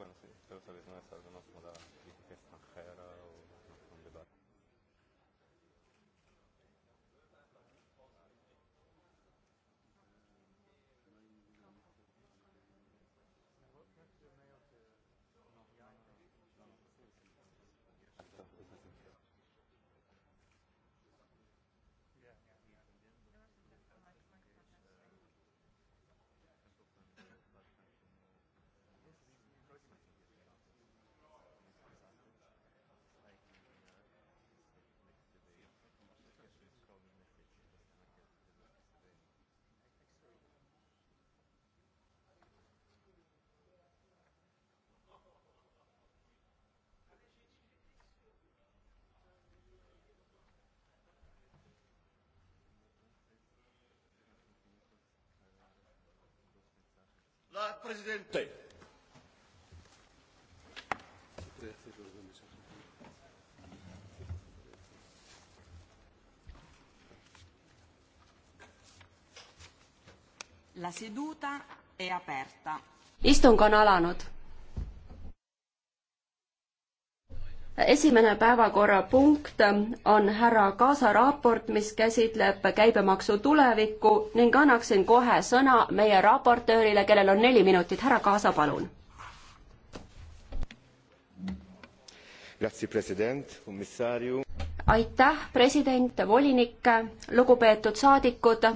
Bueno, sí, pero sabes, no es algo no como la política extranjera o La Presidente. La seduta è aperta. Istung on alanud. esimene päevakorrapunkt on härra Kaasa raport, mis käsitleb käibemaksu tulevikku ning annaksin kohe sõna meie raportöörile, kellel on neli minutit. härra Kaasa, palun. aitäh, president, volinik, lugupeetud saadikud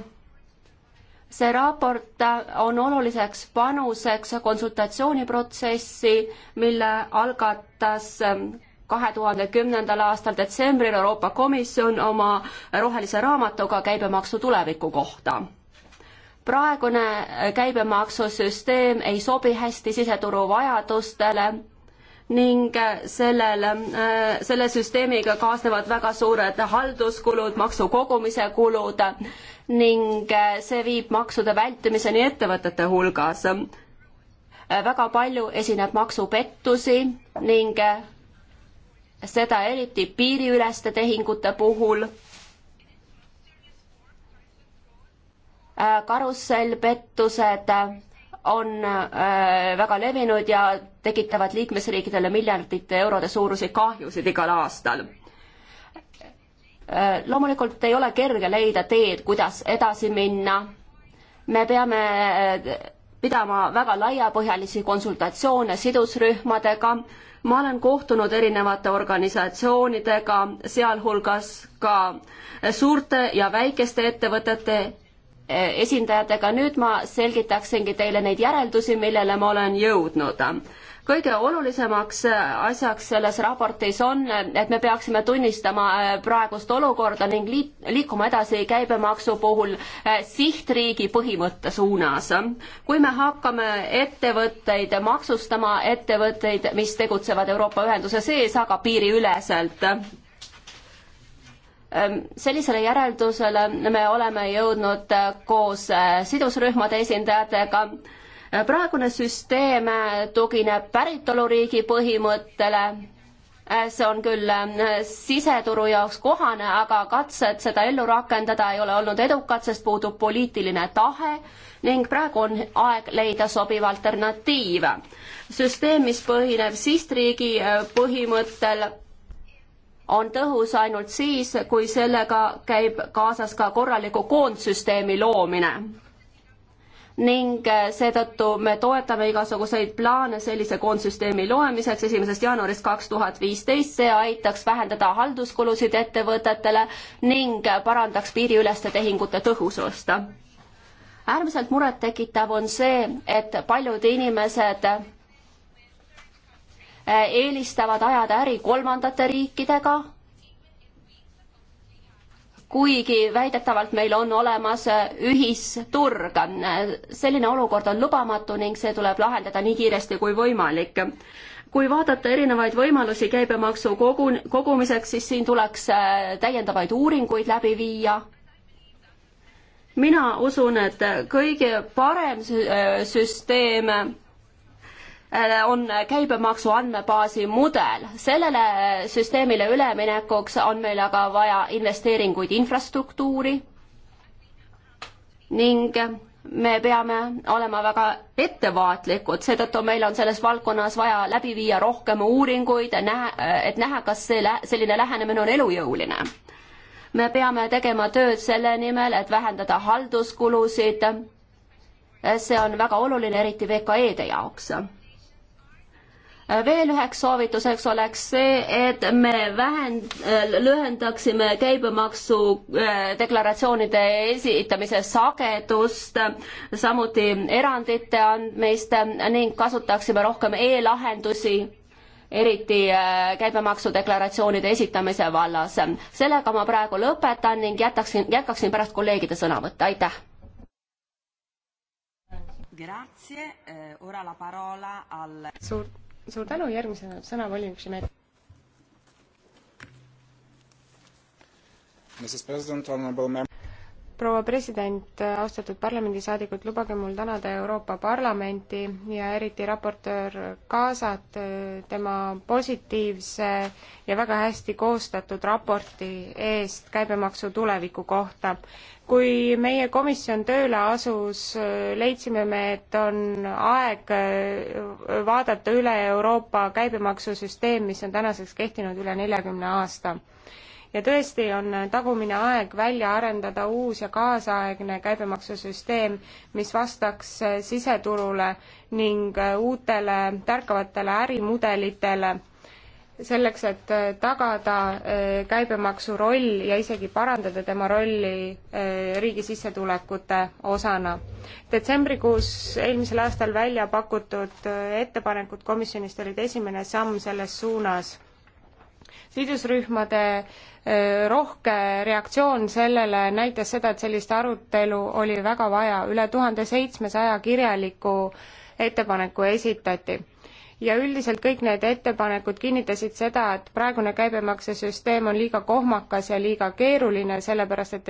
see raport on oluliseks panuseks konsultatsiooniprotsessi, mille algatas kahe tuhande kümnendal aastal detsembril Euroopa Komisjon oma rohelise raamatuga käibemaksu tuleviku kohta. praegune käibemaksusüsteem ei sobi hästi siseturu vajadustele ning sellel, selle süsteemiga kaasnevad väga suured halduskulud, maksukogumise kulud ning see viib maksude vältimiseni ettevõtete hulgas. väga palju esineb maksupettusi ning seda eriti piiriüleste tehingute puhul. Äh, karussellpettused on äh, väga levinud ja tekitavad liikmesriikidele miljardite eurode suuruseid kahjusid igal aastal äh, loomulikult ei ole kerge leida teed, kuidas edasi minna. me peame pidama väga laiapõhjalisi konsultatsioone sidusrühmadega. ma olen kohtunud erinevate organisatsioonidega, sealhulgas ka suurte ja väikeste ettevõtete e, esindajatega. nüüd ma selgitaksingi teile neid järeldusi, millele ma olen jõudnud kõige olulisemaks äh, asjaks selles raportis on, et me peaksime tunnistama äh, praegust olukorda ning liit-, liikuma edasi käibemaksu puhul äh, sihtriigi põhimõtte suunas. kui me hakkame ettevõtteid maksustama, ettevõtteid, mis tegutsevad Euroopa Ühenduse sees, aga piiriüleselt, ähm, sellisele järeldusele me oleme jõudnud koos sidusrühmade esindajatega praegune süsteem tugineb päritoluriigi põhimõttele see on küll äh, siseturu jaoks kohane, aga katsed seda ellu rakendada ei ole olnud edukad, sest puudub poliitiline tahe ning praegu on aeg leida sobiv alternatiiv. süsteem, mis põhineb sihtriigi äh, põhimõttel, on tõhus ainult siis, kui sellega käib kaasas ka korraliku koondsüsteemi loomine ning äh, seetõttu me toetame igasuguseid plaane sellise koondsüsteemi loomiseks esimesest jaanuarist kaks tuhat viisteist, see aitaks vähendada halduskulusid ettevõtetele ning parandaks piiriüleste tehingute tõhusust. äärmiselt murettekitav on see, et paljud inimesed äh, eelistavad ajada äri kolmandate riikidega kuigi väidetavalt meil on olemas äh, ühisturg. selline olukord on lubamatu ning see tuleb lahendada nii kiiresti kui võimalik. kui vaadata erinevaid võimalusi käibemaksu kogu, kogumiseks, siis siin tuleks äh, täiendavaid uuringuid läbi viia mina usun, et kõige parem äh, süsteem Äh, on käibemaksu andmebaasi mudel. sellele süsteemile üleminekuks on meil aga vaja investeeringuid infrastruktuuri ning me peame olema väga ettevaatlikud, seetõttu meil on selles valdkonnas vaja läbi viia rohkem uuringuid, äh, et näha, kas see, selline lähenemine on elujõuline. me peame tegema tööd selle nimel, et vähendada halduskulusid. Äh, see on väga oluline, eriti VKE-de jaoks veel üheks soovituseks oleks see, et me vähend-, lühendaksime käibemaksu äh, deklaratsioonide esitamise sagedust, samuti erandite andmist ning kasutaksime rohkem e-lahendusi eriti äh, käibemaksudeklaratsioonide esitamise vallas. sellega ma praegu lõpetan ning jätaksin, jätkaksin pärast kolleegide sõnavõtte, aitäh! Eh, suur suur tänu, järgmisena sõna volinik Šimet. Mrs President, honorable member proua president, austatud parlamendisaadikud, lubage mul tänada Euroopa Parlamenti ja eriti raportöör Kaasat äh, tema positiivse ja väga hästi koostatud raporti eest käibemaksu tuleviku kohta. kui meie komisjon tööle asus, äh, leidsime me, et on aeg äh, vaadata üle Euroopa käibemaksusüsteem, mis on tänaseks kehtinud üle neljakümne aasta ja tõesti on tagumine aeg välja arendada uus ja kaasaegne käibemaksusüsteem, mis vastaks äh, siseturule ning äh, uutele tärkavatele ärimudelitele, selleks, et äh, tagada käibemaksu roll ja isegi parandada tema rolli riigi sissetulekute osana. detsembrikuus eelmisel aastal välja pakutud ettepanekud komisjonist olid esimene samm selles suunas sidusrühmade rohke reaktsioon sellele näitas seda, et sellist arutelu oli väga vaja, üle tuhande seitsmesaja kirjaliku ettepaneku esitati ja üldiselt kõik need ettepanekud kinnitasid seda, et praegune käibemaksesüsteem on liiga kohmakas ja liiga keeruline, sellepärast et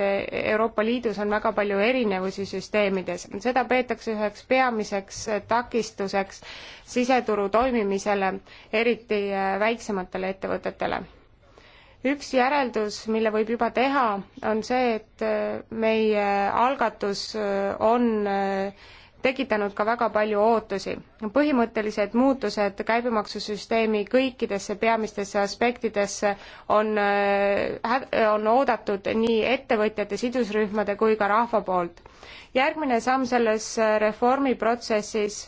Euroopa Liidus on väga palju erinevusi süsteemides. seda peetakse üheks peamiseks takistuseks siseturu toimimisele, eriti äh, väiksematele ettevõtetele üks järeldus, mille võib juba teha, on see, et äh, meie algatus äh, on tekitanud ka väga palju ootusi. põhimõttelised muutused käibemaksusüsteemi kõikidesse peamistesse aspektidesse on, äh, on oodatud nii ettevõtjate, sidusrühmade kui ka rahva poolt. järgmine samm selles äh, reformiprotsessis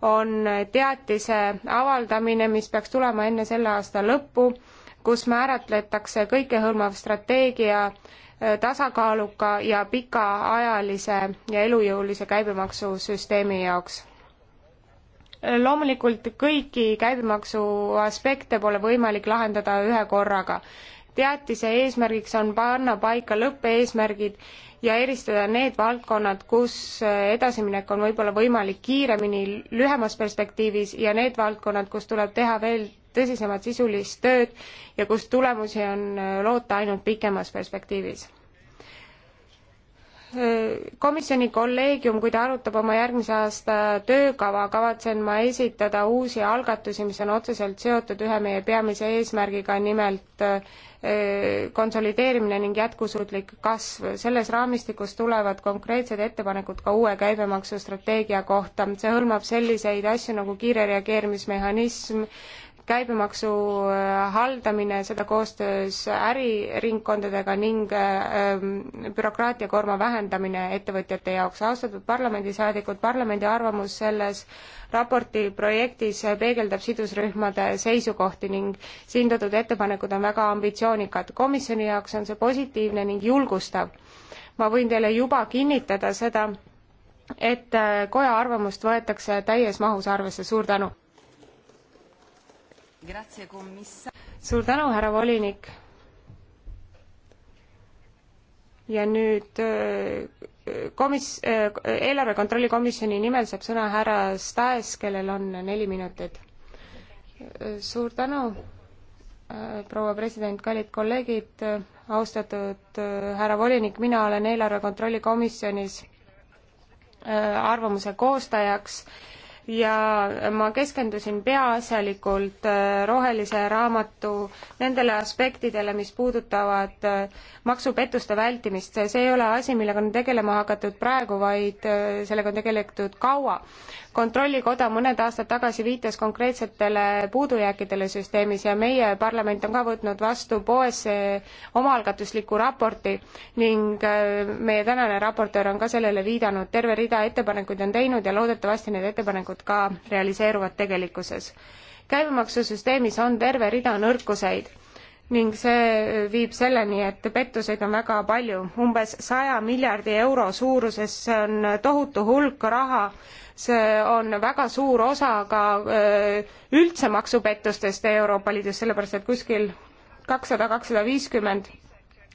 on teatise avaldamine, mis peaks tulema enne selle aasta lõppu kus määratletakse kõikehõlmav strateegia äh, tasakaaluka ja pikaajalise ja elujõulise käibemaksusüsteemi jaoks. loomulikult kõiki käibemaksu aspekte pole võimalik lahendada ühe korraga. teatise eesmärgiks on panna paika lõppeesmärgid ja eristada need valdkonnad, kus äh, edasiminek on võib-olla võimalik kiiremini lühemas perspektiivis ja need valdkonnad, kus tuleb teha veel tõsisemat sisulist tööd ja kus tulemusi on äh, loota ainult pikemas perspektiivis. Äh, komisjoni kolleegium, kui ta arutab oma järgmise aasta töökava, kavatsen ma esitada uusi algatusi, mis on otseselt seotud ühe meie peamise eesmärgiga, nimelt äh, konsolideerimine ning jätkusuutlik kasv. selles raamistikus tulevad konkreetsed ettepanekud ka uue käibemaksustrateegia kohta. see hõlmab selliseid asju nagu kiire reageerimismehhanism, käibemaksu äh, haldamine, seda koostöös äriringkondadega ning äh, ähm, bürokraatiakoorma vähendamine ettevõtjate jaoks. austatud parlamendisaadikud, parlamendi arvamus selles raporti projektis peegeldab sidusrühmade seisukohti ning siin toodud ettepanekud on väga ambitsioonikad. komisjoni jaoks on see positiivne ning julgustav. ma võin teile juba kinnitada seda, et äh, koja arvamust võetakse täies mahus arvesse, suur tänu! suur tänu, härra volinik. ja nüüd äh, komis-, äh, eelarve kontrolli komisjoni nimel saab sõna härra Staes, kellel on neli minutit. suur tänu, äh, proua president, kallid kolleegid, austatud härra volinik, mina olen eelarve kontrolli komisjonis arvamuse koostajaks ja ma keskendusin peaasjalikult äh, rohelise raamatu nendele aspektidele, mis puudutavad äh, maksupettuste vältimist. see ei ole asi, millega on tegelema hakatud praegu, vaid äh, sellega on tegeletud kaua. kontrollikoda mõned aastad tagasi viitas konkreetsetele puudujääkidele süsteemis ja meie parlament on ka võtnud vastu poesse omaalgatusliku raporti ning meie tänane raportöör on ka sellele viidanud, terve rida ettepanekuid on teinud ja loodetavasti need ettepanekud tegelikult ka realiseeruvad tegelikkuses. käibemaksusüsteemis on terve rida nõrkuseid ning see viib selleni, et pettuseid on väga palju, umbes saja miljardi euro suuruses, see on tohutu hulk raha, see on väga suur osa ka äh, üldse maksupettustest Euroopa Liidus, sellepärast et kuskil kakssada, kakssada viiskümmend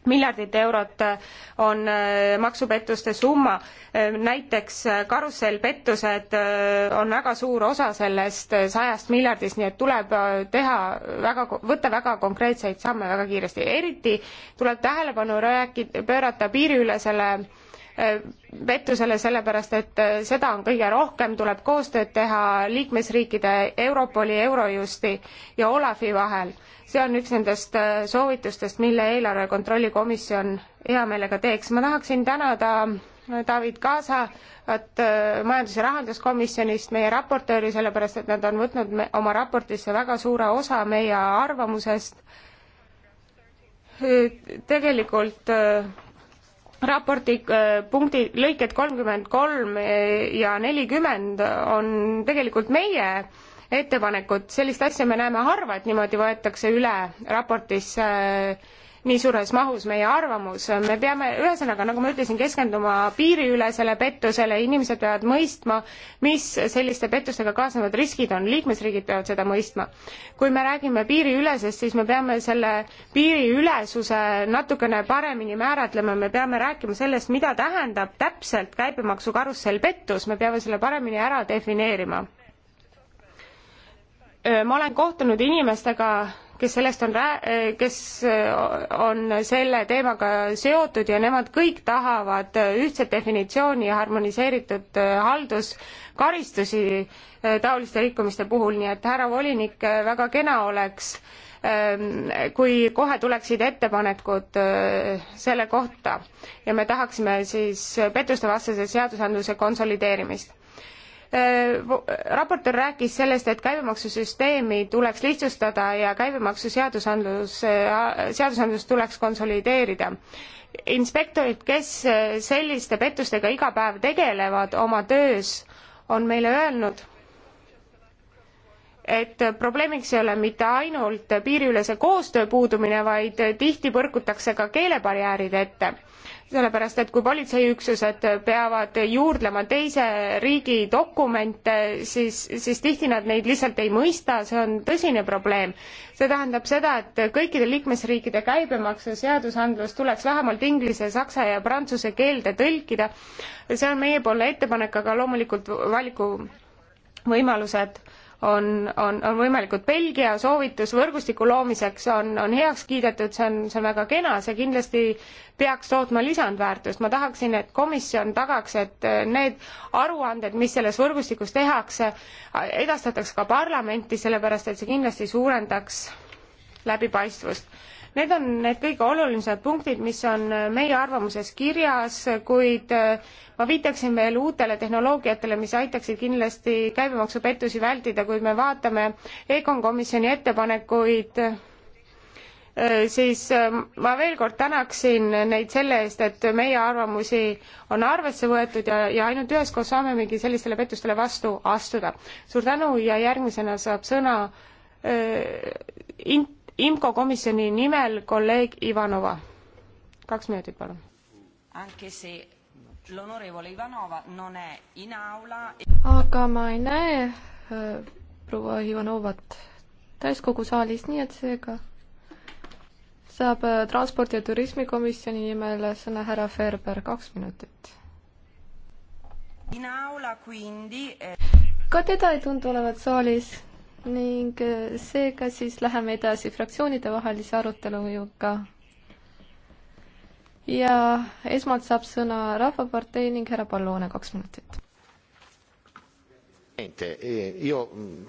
miljardit eurot äh, on äh, maksupettuste summa. Äh, näiteks karussellpettused on väga suur osa sellest sajast miljardist, nii et tuleb teha väga, võtta väga konkreetseid samme väga kiiresti. eriti tuleb tähelepanu rääkida, pöörata piiriülesele pettusele, sellepärast et äh, seda on kõige rohkem, tuleb koostööd teha liikmesriikide Europoli, Eurojusti ja Olafi vahel. see on üks nendest äh, soovitustest, mille eelarve kontrolli komisjon hea meelega teeks. ma tahaksin tänada äh, David Kaasa, et majandus- ja rahanduskomisjonist meie raportööri, sellepärast et nad on võtnud me, oma raportisse väga suure osa meie arvamusest. tegelikult raporti äh, punkti lõiked kolmkümmend kolm äh, ja nelikümmend on tegelikult meie ettepanekud, sellist asja me näeme harva, et niimoodi võetakse üle raportisse äh, nii suures mahus meie arvamus. me peame, ühesõnaga, nagu ma ütlesin, keskenduma piiriülesele pettusele, inimesed peavad mõistma, mis selliste pettustega kaasnevad riskid on, liikmesriigid peavad seda mõistma. kui me räägime piiriülesest, siis me peame selle piiriülesuse natukene paremini määratlema, me peame rääkima sellest, mida tähendab täpselt käibemaksu karussellpettus, me peame selle paremini ära defineerima ma olen kohtunud inimestega, kes sellest on, eh, kes eh, on selle teemaga seotud ja nemad kõik tahavad eh, ühtset definitsiooni ja harmoniseeritud halduskaristusi taoliste rikkumiste puhul, nii et härra volinik, väga kena oleks, kui kohe tuleksid ettepanekud selle kohta ja me tahaksime siis pettustevastase seadusandluse konsolideerimist Äh, raportöör rääkis sellest, et käibemaksusüsteemi tuleks lihtsustada ja käibemaksuseadusandlus, äh, seadusandlust tuleks konsolideerida. inspektorid, kes äh, selliste pettustega iga päev tegelevad oma töös, on meile öelnud, et probleemiks ei ole mitte ainult piiriülese koostöö puudumine, vaid tihti põrkutakse ka keelebarjäärid ette sellepärast, et kui politseiüksused peavad juurdlema teise riigi dokumente, siis, siis tihti nad neid lihtsalt ei mõista, see on tõsine probleem. see tähendab seda, et kõikide liikmesriikide käibemaksu seadusandlus tuleks vähemalt inglise, saksa ja prantsuse keelde tõlkida. see on meiepoolne ettepanek, aga loomulikult valiku võimalused on, on, on võimalikud. Belgia soovitus võrgustiku loomiseks on, on heaks kiidetud, see on, see on väga kena, see kindlasti peaks tootma lisandväärtust. ma tahaksin, et komisjon tagaks, et need aruanded, mis selles võrgustikus tehakse, edastatakse ka parlamenti, sellepärast et see kindlasti suurendaks läbipaistvust Need on need kõige olulisemad punktid, mis on äh, meie arvamuses kirjas, kuid äh, ma viitaksin veel uutele tehnoloogiatele, mis aitaksid kindlasti käibemaksupettusi vältida, kui me vaatame EKOn komisjoni ettepanekuid äh, siis ma veel kord tänaksin neid selle eest, et meie arvamusi on arvesse võetud ja, ja ainult üheskoos saamegi sellistele pettustele vastu astuda. suur tänu ja järgmisena saab sõna äh, int-, IMCO komisjoni nimel kolleeg Ivanova. kaks minutit, palun. E- aga ma ei näe äh, proua Ivanovat täiskogu saalis, nii et seega saab äh, Transpordi- ja Turismikomisjoni nimel sõna härra Ferber, kaks minutit. Eh- ka teda ei tundu olevat saalis, ning äh, seega siis läheme edasi fraktsioonidevahelise arutelu juurde. ja esmalt saab sõna Rahvapartei ning härra Pallone, kaks minutit. Eh, mm,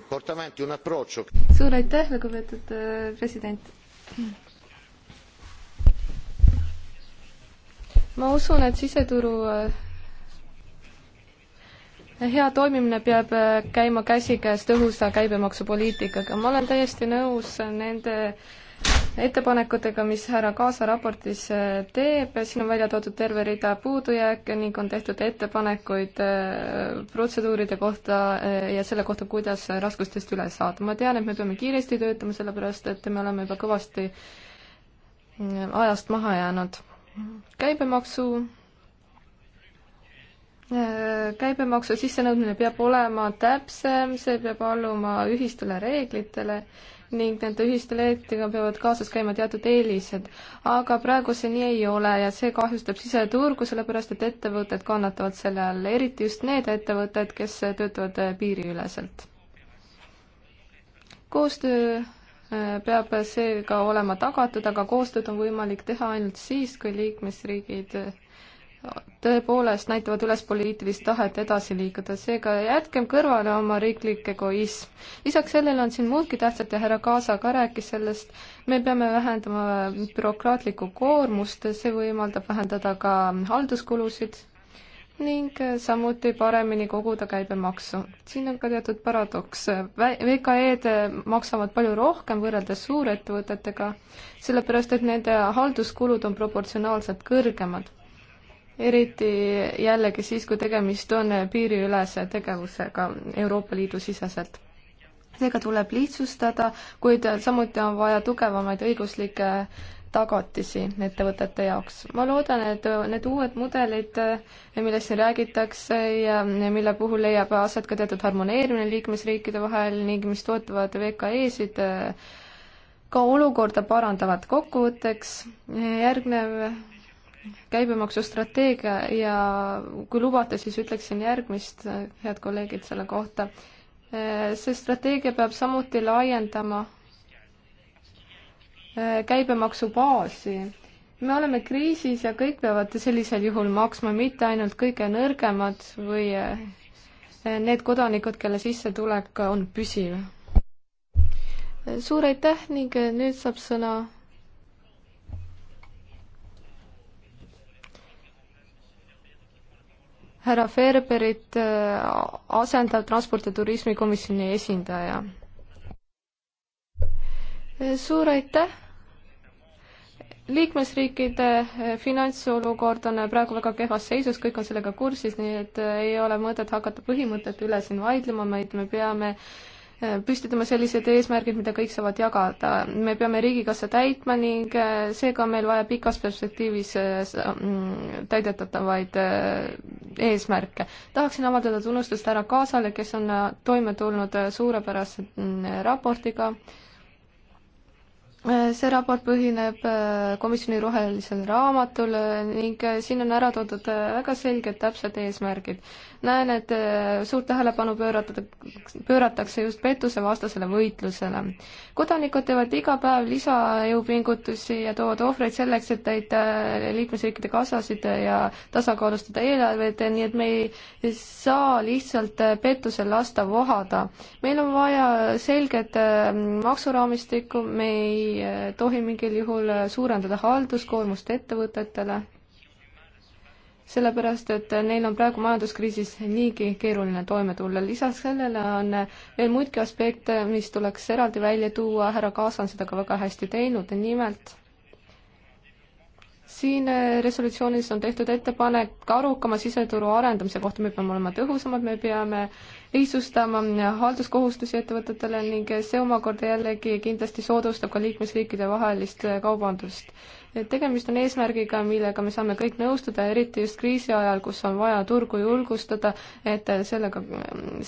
suur aitäh, lugupeetud äh, president. ma usun, et siseturu äh, hea toimimine peab äh, käima käsikäes tõhusa käibemaksupoliitikaga. ma olen täiesti nõus nende ettepanekutega, mis härra Kaasa raportis äh, teeb, siin on välja toodud terve rida puudujääke ning on tehtud ettepanekuid äh, protseduuride kohta ja selle kohta, kuidas raskustest üle saada. ma tean, et me peame kiiresti töötama, sellepärast et me oleme juba kõvasti ajast maha jäänud. käibemaksu käibemaksu sissenõudmine peab olema täpsem, see peab alluma ühistele reeglitele ning nende ühiste reeglitega peavad kaasas käima teatud eelised. aga praegu see nii ei ole ja see kahjustab siseturgu, sellepärast et ettevõtted kannatavad selle all, eriti just need ettevõtted, kes töötavad piiriüleselt. koostöö äh, peab seega olema tagatud, aga koostööd on võimalik teha ainult siis, kui liikmesriigid tõepoolest näitavad üles poliitilist tahet edasi liikuda, seega jätkem kõrvale oma riiklik egoism. lisaks sellele on siin muudki tähtsat ja härra Kaasa ka rääkis sellest, me peame vähendama bürokraatlikku koormust, see võimaldab vähendada ka halduskulusid ning samuti paremini koguda käibemaksu. siin on ka teatud paradoks, VKE-d maksavad palju rohkem võrreldes suurettevõtetega, sellepärast et nende halduskulud on proportsionaalselt kõrgemad eriti jällegi siis, kui tegemist on piiriülese tegevusega Euroopa Liidu siseselt. seega tuleb lihtsustada, kuid samuti on vaja tugevamaid õiguslikke tagatisi ettevõtete jaoks. ma loodan, et need uued mudelid, millest siin räägitakse ja mille puhul leiab aset ka teatud harmoneerimine liikmesriikide vahel ning mis toetavad VKE-sid, ka olukorda parandavad. kokkuvõtteks järgnev käibemaksustrateegia ja kui lubate, siis ütleksin järgmist, head kolleegid, selle kohta. see strateegia peab samuti laiendama äh, käibemaksubaasi. me oleme kriisis ja kõik peavad sellisel juhul maksma, mitte ainult kõige nõrgemad või äh, need kodanikud, kelle sissetulek on püsiv. suur aitäh ning nüüd saab sõna härra Ferberit äh, asendab Transpordi- ja Turismikomisjoni esindaja. suur aitäh! liikmesriikide äh, finantsolukord on äh, praegu väga kehvas seisus, kõik on sellega kursis, nii et ei ole mõtet hakata põhimõtete üle siin vaidlema, vaid me peame äh, püstitama sellised eesmärgid, mida kõik saavad jagada. me peame riigikassa täitma ning äh, seega on meil vaja pikas perspektiivis äh, mm, täidetavaid äh, eesmärke. tahaksin avaldada tunnustust härra Kaasale, kes on toime tulnud suurepärase mm, raportiga Äh, see raport põhineb äh, komisjoni rohelisel raamatul äh, ning siin on ära toodud väga selged täpsed eesmärgid. näen, et suurt tähelepanu pöörata, pööratakse just pettusevastasele võitlusele. kodanikud teevad iga päev lisajõupingutusi ja toovad ohvreid selleks, et täita liikmesriikide kassasid ja tasakaalustada eelarveid, nii et me ei saa lihtsalt pettusel lasta vohada. meil on vaja selget maksuraamistikku, me ei ei eh, tohi mingil juhul eh, suurendada halduskoormust ettevõtetele, sellepärast et eh, neil on praegu majanduskriisis niigi keeruline toime tulla. lisaks sellele on veel muidki aspekte, mis tuleks eraldi välja tuua, härra Kaas on seda ka väga hästi teinud, nimelt siin resolutsioonis on tehtud ettepanek ka arukama siseturu arendamise kohta, me peame olema tõhusamad, me peame äh, lihtsustama halduskohustusi ettevõtetele ning see omakorda jällegi kindlasti soodustab ka liikmesriikide vahelist kaubandust. tegemist on eesmärgiga, millega me saame kõik nõustuda, eriti just kriisi ajal, kus on vaja turgu julgustada, et sellega,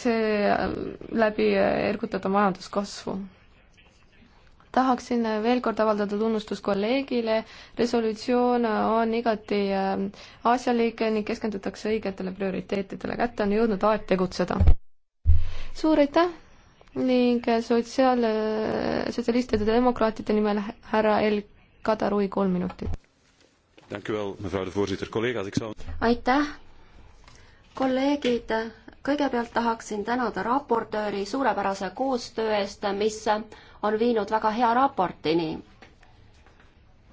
seeläbi ergutada majanduskasvu tahaksin veel kord avaldada tunnustust kolleegile, resolutsioon on igati äh, asjalik ning keskendutakse õigetele prioriteetidele, kätte on jõudnud aeg tegutseda suur aitäh ning äh, sotsiaal, äh, sotsialistide ja demokraatide nimel härra El Kadarui, kolm minutit. aitäh, kolleegid, kõigepealt tahaksin tänada raportööri suurepärase koostöö eest, mis on viinud väga hea raportini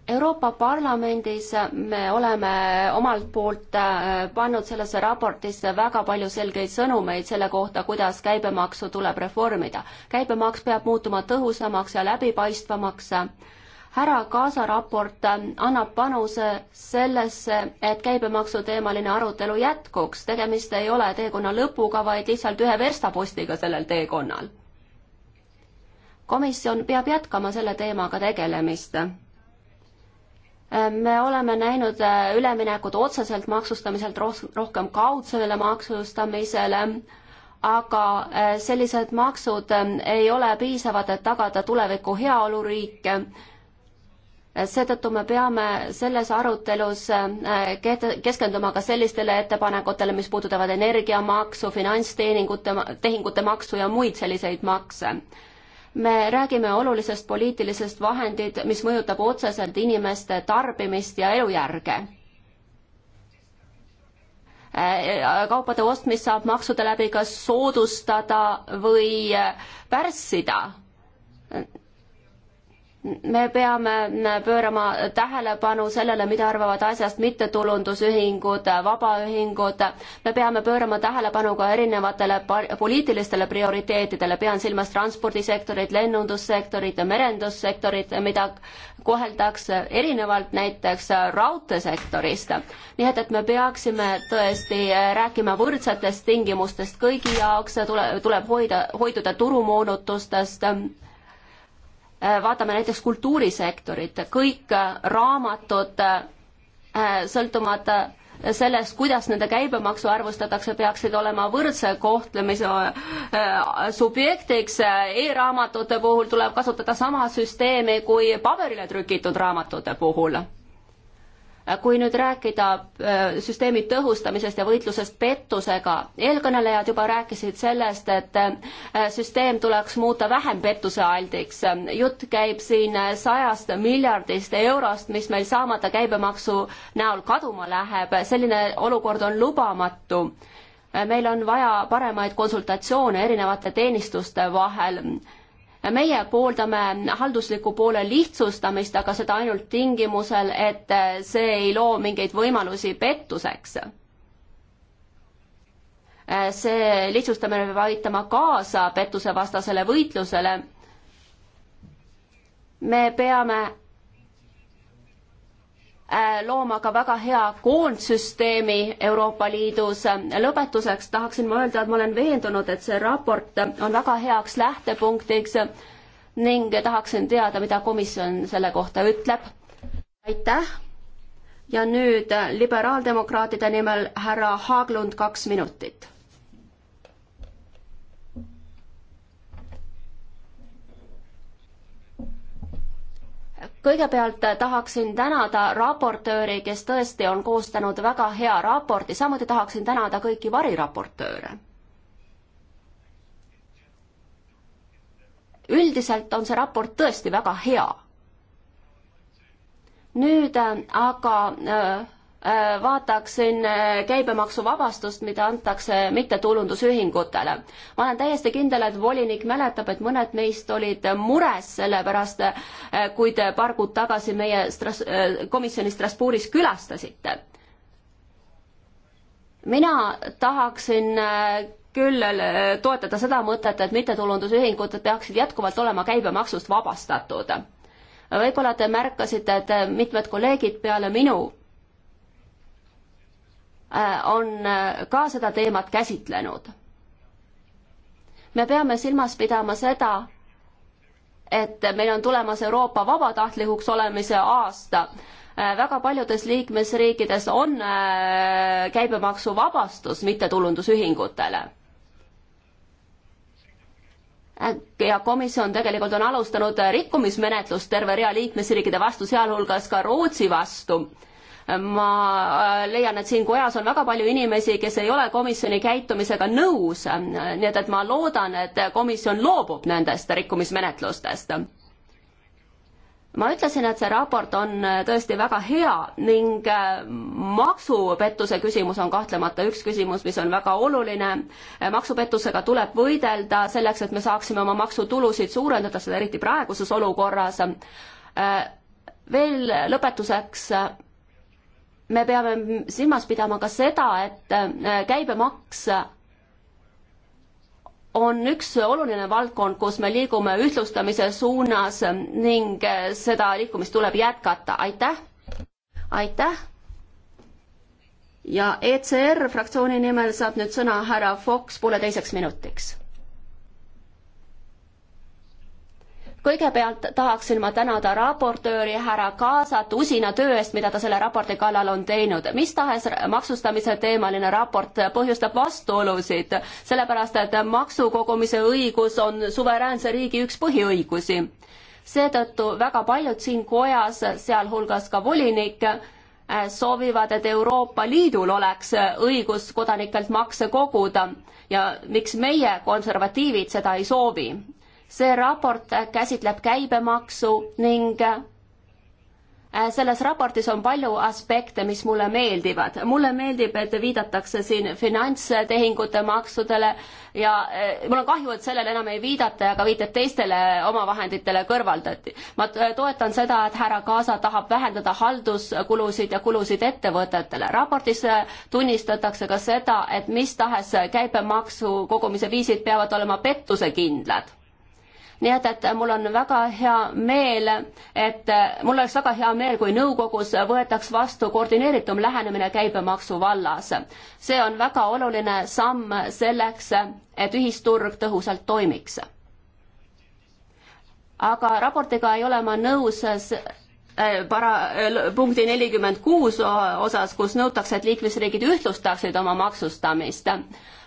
Euroopa Parlamendis me oleme omalt poolt äh, pannud sellesse raportisse väga palju selgeid sõnumeid selle kohta, kuidas käibemaksu tuleb reformida. käibemaks peab muutuma tõhusamaks ja läbipaistvamaks. härra Kaasa raport äh, annab panuse sellesse, et käibemaksuteemaline arutelu jätkuks. tegemist ei ole teekonna lõpuga, vaid lihtsalt ühe verstapostiga sellel teekonnal. komisjon peab jätkama selle teemaga tegelemist me oleme näinud äh, üleminekut otseselt maksustamiselt rohkem kaudsele maksustamisele, aga äh, sellised maksud ähm, ei ole piisavad, et tagada tuleviku heaoluriike. seetõttu me peame selles arutelus äh, keskenduma ka sellistele ettepanekutele, mis puudutavad energiamaksu, finantsteeningute, tehingute maksu ja muid selliseid makse me räägime olulisest poliitilisest vahendit, mis mõjutab otseselt inimeste tarbimist ja elujärge. Äh, kaupade ostmist saab maksude läbi kas soodustada või pärssida me peame äh, pöörama tähelepanu sellele, mida arvavad asjast mittetulundusühingud, äh, vabaühingud, me peame pöörama tähelepanu ka erinevatele poliitilistele prioriteetidele, pean silmas transpordisektorit, lennundussektorit ja merendussektorit, mida koheldakse erinevalt näiteks äh, raudteesektorist. nii et, et me peaksime tõesti rääkima võrdsetest tingimustest kõigi jaoks, tuleb, tuleb hoida, hoiduda turumoonutustest Äh, vaatame näiteks kultuurisektorit, kõik äh, raamatud äh, sõltumata sellest, kuidas nende käibemaksu arvustatakse, peaksid olema võrdse kohtlemise subjektiks e. e-raamatute puhul tuleb kasutada sama süsteemi kui paberile trükitud raamatute puhul kui nüüd rääkida äh, süsteemi tõhustamisest ja võitlusest pettusega, eelkõnelejad juba rääkisid sellest, et äh, süsteem tuleks muuta vähem pettusealdiks. jutt käib siin äh, sajast miljardist eurost, mis meil saamata käibemaksu näol kaduma läheb, selline olukord on lubamatu meil on vaja paremaid konsultatsioone erinevate teenistuste vahel meie pooldame haldusliku poole lihtsustamist, aga seda ainult tingimusel, et see ei loo mingeid võimalusi pettuseks. see lihtsustamine peab aitama kaasa pettusevastasele võitlusele. me peame Äh, looma ka väga hea koondsüsteemi Euroopa Liidus. lõpetuseks tahaksin ma öelda, et ma olen veendunud, et see raport on väga heaks lähtepunktiks ning tahaksin teada, mida komisjon selle kohta ütleb. aitäh ja nüüd liberaaldemokraatide nimel härra Haaglund, kaks minutit kõigepealt tahaksin tänada raportööri, kes tõesti on koostanud väga hea raporti, samuti tahaksin tänada kõiki variraportööre. üldiselt on see raport tõesti väga hea. nüüd aga äh, Äh, vaataksin äh, käibemaksuvabastust, mida antakse mittetulundusühingutele. ma olen täiesti kindel, et volinik mäletab, et mõned neist olid mures selle pärast, äh, kui te paar kuud tagasi meie Stras-, komisjoni Strasbourgis külastasite. mina tahaksin küll toetada seda mõtet, et mittetulundusühingud peaksid jätkuvalt olema käibemaksust vabastatud. võib-olla te märkasite, et mitmed kolleegid peale minu Äh, on äh, ka seda teemat käsitlenud. me peame silmas pidama seda, et meil on tulemas Euroopa vabatahtlikuks olemise aasta. Äh, väga paljudes liikmesriikides on käibemaksuvabastus mittetulundusühingutele. ja komisjon tegelikult on alustanud rikkumismenetlust terve rea liikmesriikide vastu, sealhulgas ka Rootsi vastu ma äh, leian, et siin kojas on väga palju inimesi, kes ei ole komisjoni käitumisega nõus, nii et, et ma loodan, et komisjon loobub nendest rikkumismenetlustest. ma ütlesin, et see raport on äh, tõesti väga hea ning äh, maksupettuse küsimus on kahtlemata üks küsimus, mis on väga oluline. maksupettusega tuleb võidelda selleks, et me saaksime oma maksutulusid suurendada, seda eriti praeguses olukorras veel lõpetuseks me peame silmas pidama ka seda, et äh, käibemaks on üks oluline valdkond, kus me liigume ühtlustamise suunas ning äh, seda liikumist tuleb jätkata, aitäh! aitäh! ja ECR fraktsiooni nimel saab nüüd sõna härra Fox pooleteiseks minutiks kõigepealt tahaksin ma tänada raportööri härra Kaasat usina töö eest, mida ta selle raporti kallal on teinud. mis tahes maksustamise teemaline raport põhjustab vastuolusid, sellepärast et maksukogumise õigus on suveräänse riigi üks põhiõigusi. seetõttu väga paljud siin kojas, sealhulgas ka volinik, soovivad, et Euroopa Liidul oleks õigus kodanikelt makse koguda ja miks meie, konservatiivid, seda ei soovi see raport käsitleb käibemaksu ning äh, selles raportis on palju aspekte, mis mulle meeldivad. mulle meeldib, et viidatakse siin finantstehingute maksudele ja äh, mul on kahju, et sellele enam ei viidata ja ka viited teistele omavahenditele kõrvaldati. ma toetan seda, et härra Kaasa tahab vähendada halduskulusid ja kulusid ettevõtetele. raportis äh, tunnistatakse ka seda, et mis tahes käibemaksu kogumise viisid peavad olema pettusekindlad nii et, et mul on väga hea meel, et mul oleks väga hea meel, kui nõukogus võetaks vastu koordineeritum lähenemine käibemaksu vallas. see on väga oluline samm selleks, et ühisturg tõhusalt toimiks. aga raportiga ei ole ma nõus äh, para-, punkti nelikümmend kuus osas, kus nõutakse, et liikmesriigid ühtlustaksid oma maksustamist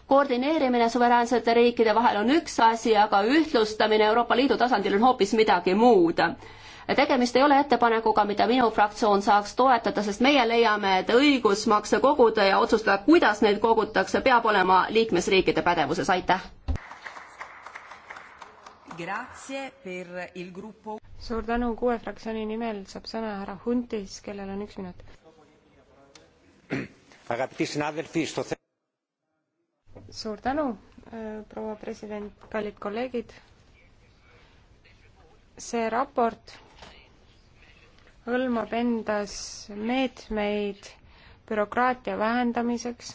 koordineerimine suveräänsete riikide vahel on üks asi, aga ühtlustamine Euroopa Liidu tasandil on hoopis midagi muud tegemist ei ole ettepanekuga, mida minu fraktsioon saaks toetada, sest meie leiame, et õigus makse koguda ja otsustada, kuidas neid kogutakse, peab olema liikmesriikide pädevuses, aitäh. suur tänu, kuue fraktsiooni nimel saab sõna härra Huntis, kellel on üks minut suur tänu, äh, proua president, kallid kolleegid. see raport hõlmab endas meetmeid bürokraatia vähendamiseks,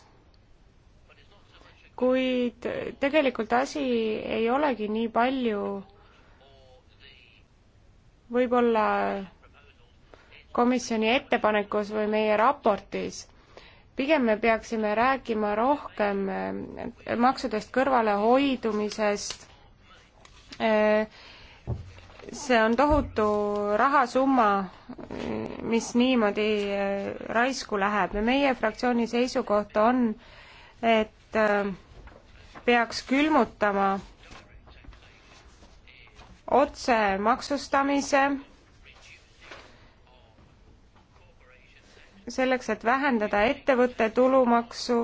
kuid tegelikult asi ei olegi nii palju võib-olla komisjoni ettepanekus või meie raportis, pigem me peaksime rääkima rohkem eh, maksudest kõrvalehoidumisest. Eh, see on tohutu rahasumma, eh, mis niimoodi raisku läheb ja meie fraktsiooni seisukoht on, et peaks külmutama otse maksustamise selleks, et vähendada ettevõtte tulumaksu,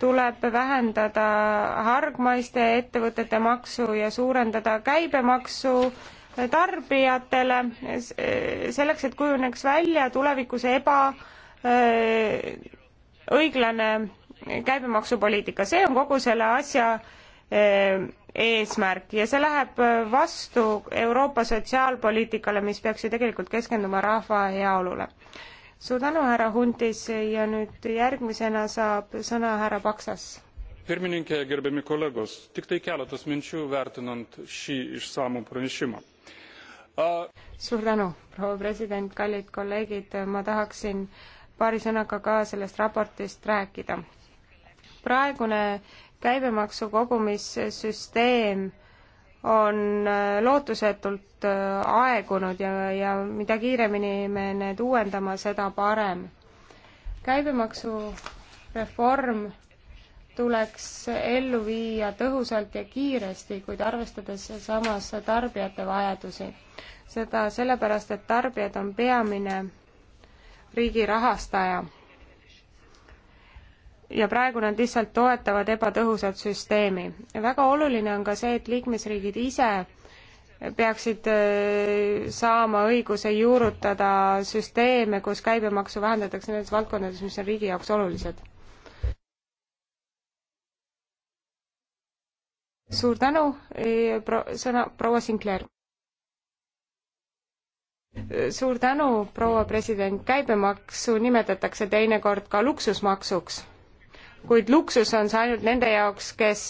tuleb vähendada hargmaiste ettevõtete maksu ja suurendada käibemaksu tarbijatele, selleks, et kujuneks välja tulevikus ebaõiglane käibemaksupoliitika, see on kogu selle asja eesmärk ja see läheb vastu Euroopa sotsiaalpoliitikale, mis peaks ju tegelikult keskenduma rahva heaolule suur tänu, härra Huntis ja nüüd järgmisena saab sõna härra Paksas. pirmininke, gerbimi kolleegos, tiktai keletas mintšių vertinant šį išsamų pranešimą suur tänu, proua president, kallid kolleegid, ma tahaksin paari sõnaga ka sellest raportist rääkida. praegune käibemaksu kogumissüsteem äh, on äh, lootusetult äh, aegunud ja, ja mida kiiremini me need uuendame, seda parem. käibemaksureform tuleks ellu viia tõhusalt ja kiiresti, kuid arvestades samas tarbijate vajadusi. seda sellepärast, et tarbijad on peamine riigi rahastaja ja praegu nad lihtsalt toetavad ebatõhusat süsteemi. väga oluline on ka see, et liikmesriigid ise peaksid äh, saama õiguse juurutada süsteeme, kus käibemaksu vähendatakse nendes valdkondades, mis on riigi jaoks olulised. suur tänu, äh, sõna proua Sinclair suur tänu, proua president, käibemaksu nimetatakse teinekord ka luksusmaksuks kuid luksus on see ainult nende jaoks, kes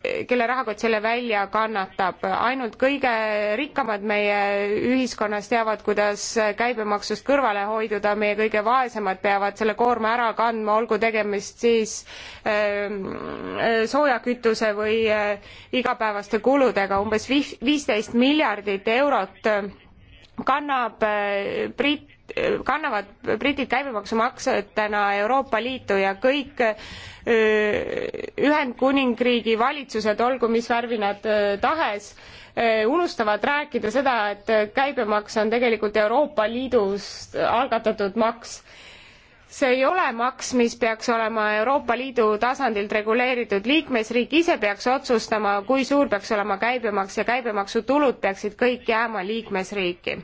kelle rahakott selle välja kannatab. ainult kõige rikkamad meie ühiskonnas teavad, kuidas käibemaksust kõrvale hoiduda, meie kõige vaesemad peavad selle koorma ära kandma, olgu tegemist siis ähm, soojakütuse või äh, igapäevaste kuludega. umbes viisteist miljardit eurot kannab äh, Brit kannavad britid käibemaksumaksjatena Euroopa Liitu ja kõik Ühendkuningriigi valitsused, olgu mis värvi nad tahes, unustavad rääkida seda, et käibemaks on tegelikult Euroopa Liidus algatatud maks see ei ole maks, mis peaks olema Euroopa Liidu tasandilt reguleeritud, liikmesriik ise peaks otsustama, kui suur peaks olema käibemaks ja käibemaksutulud peaksid kõik jääma liikmesriiki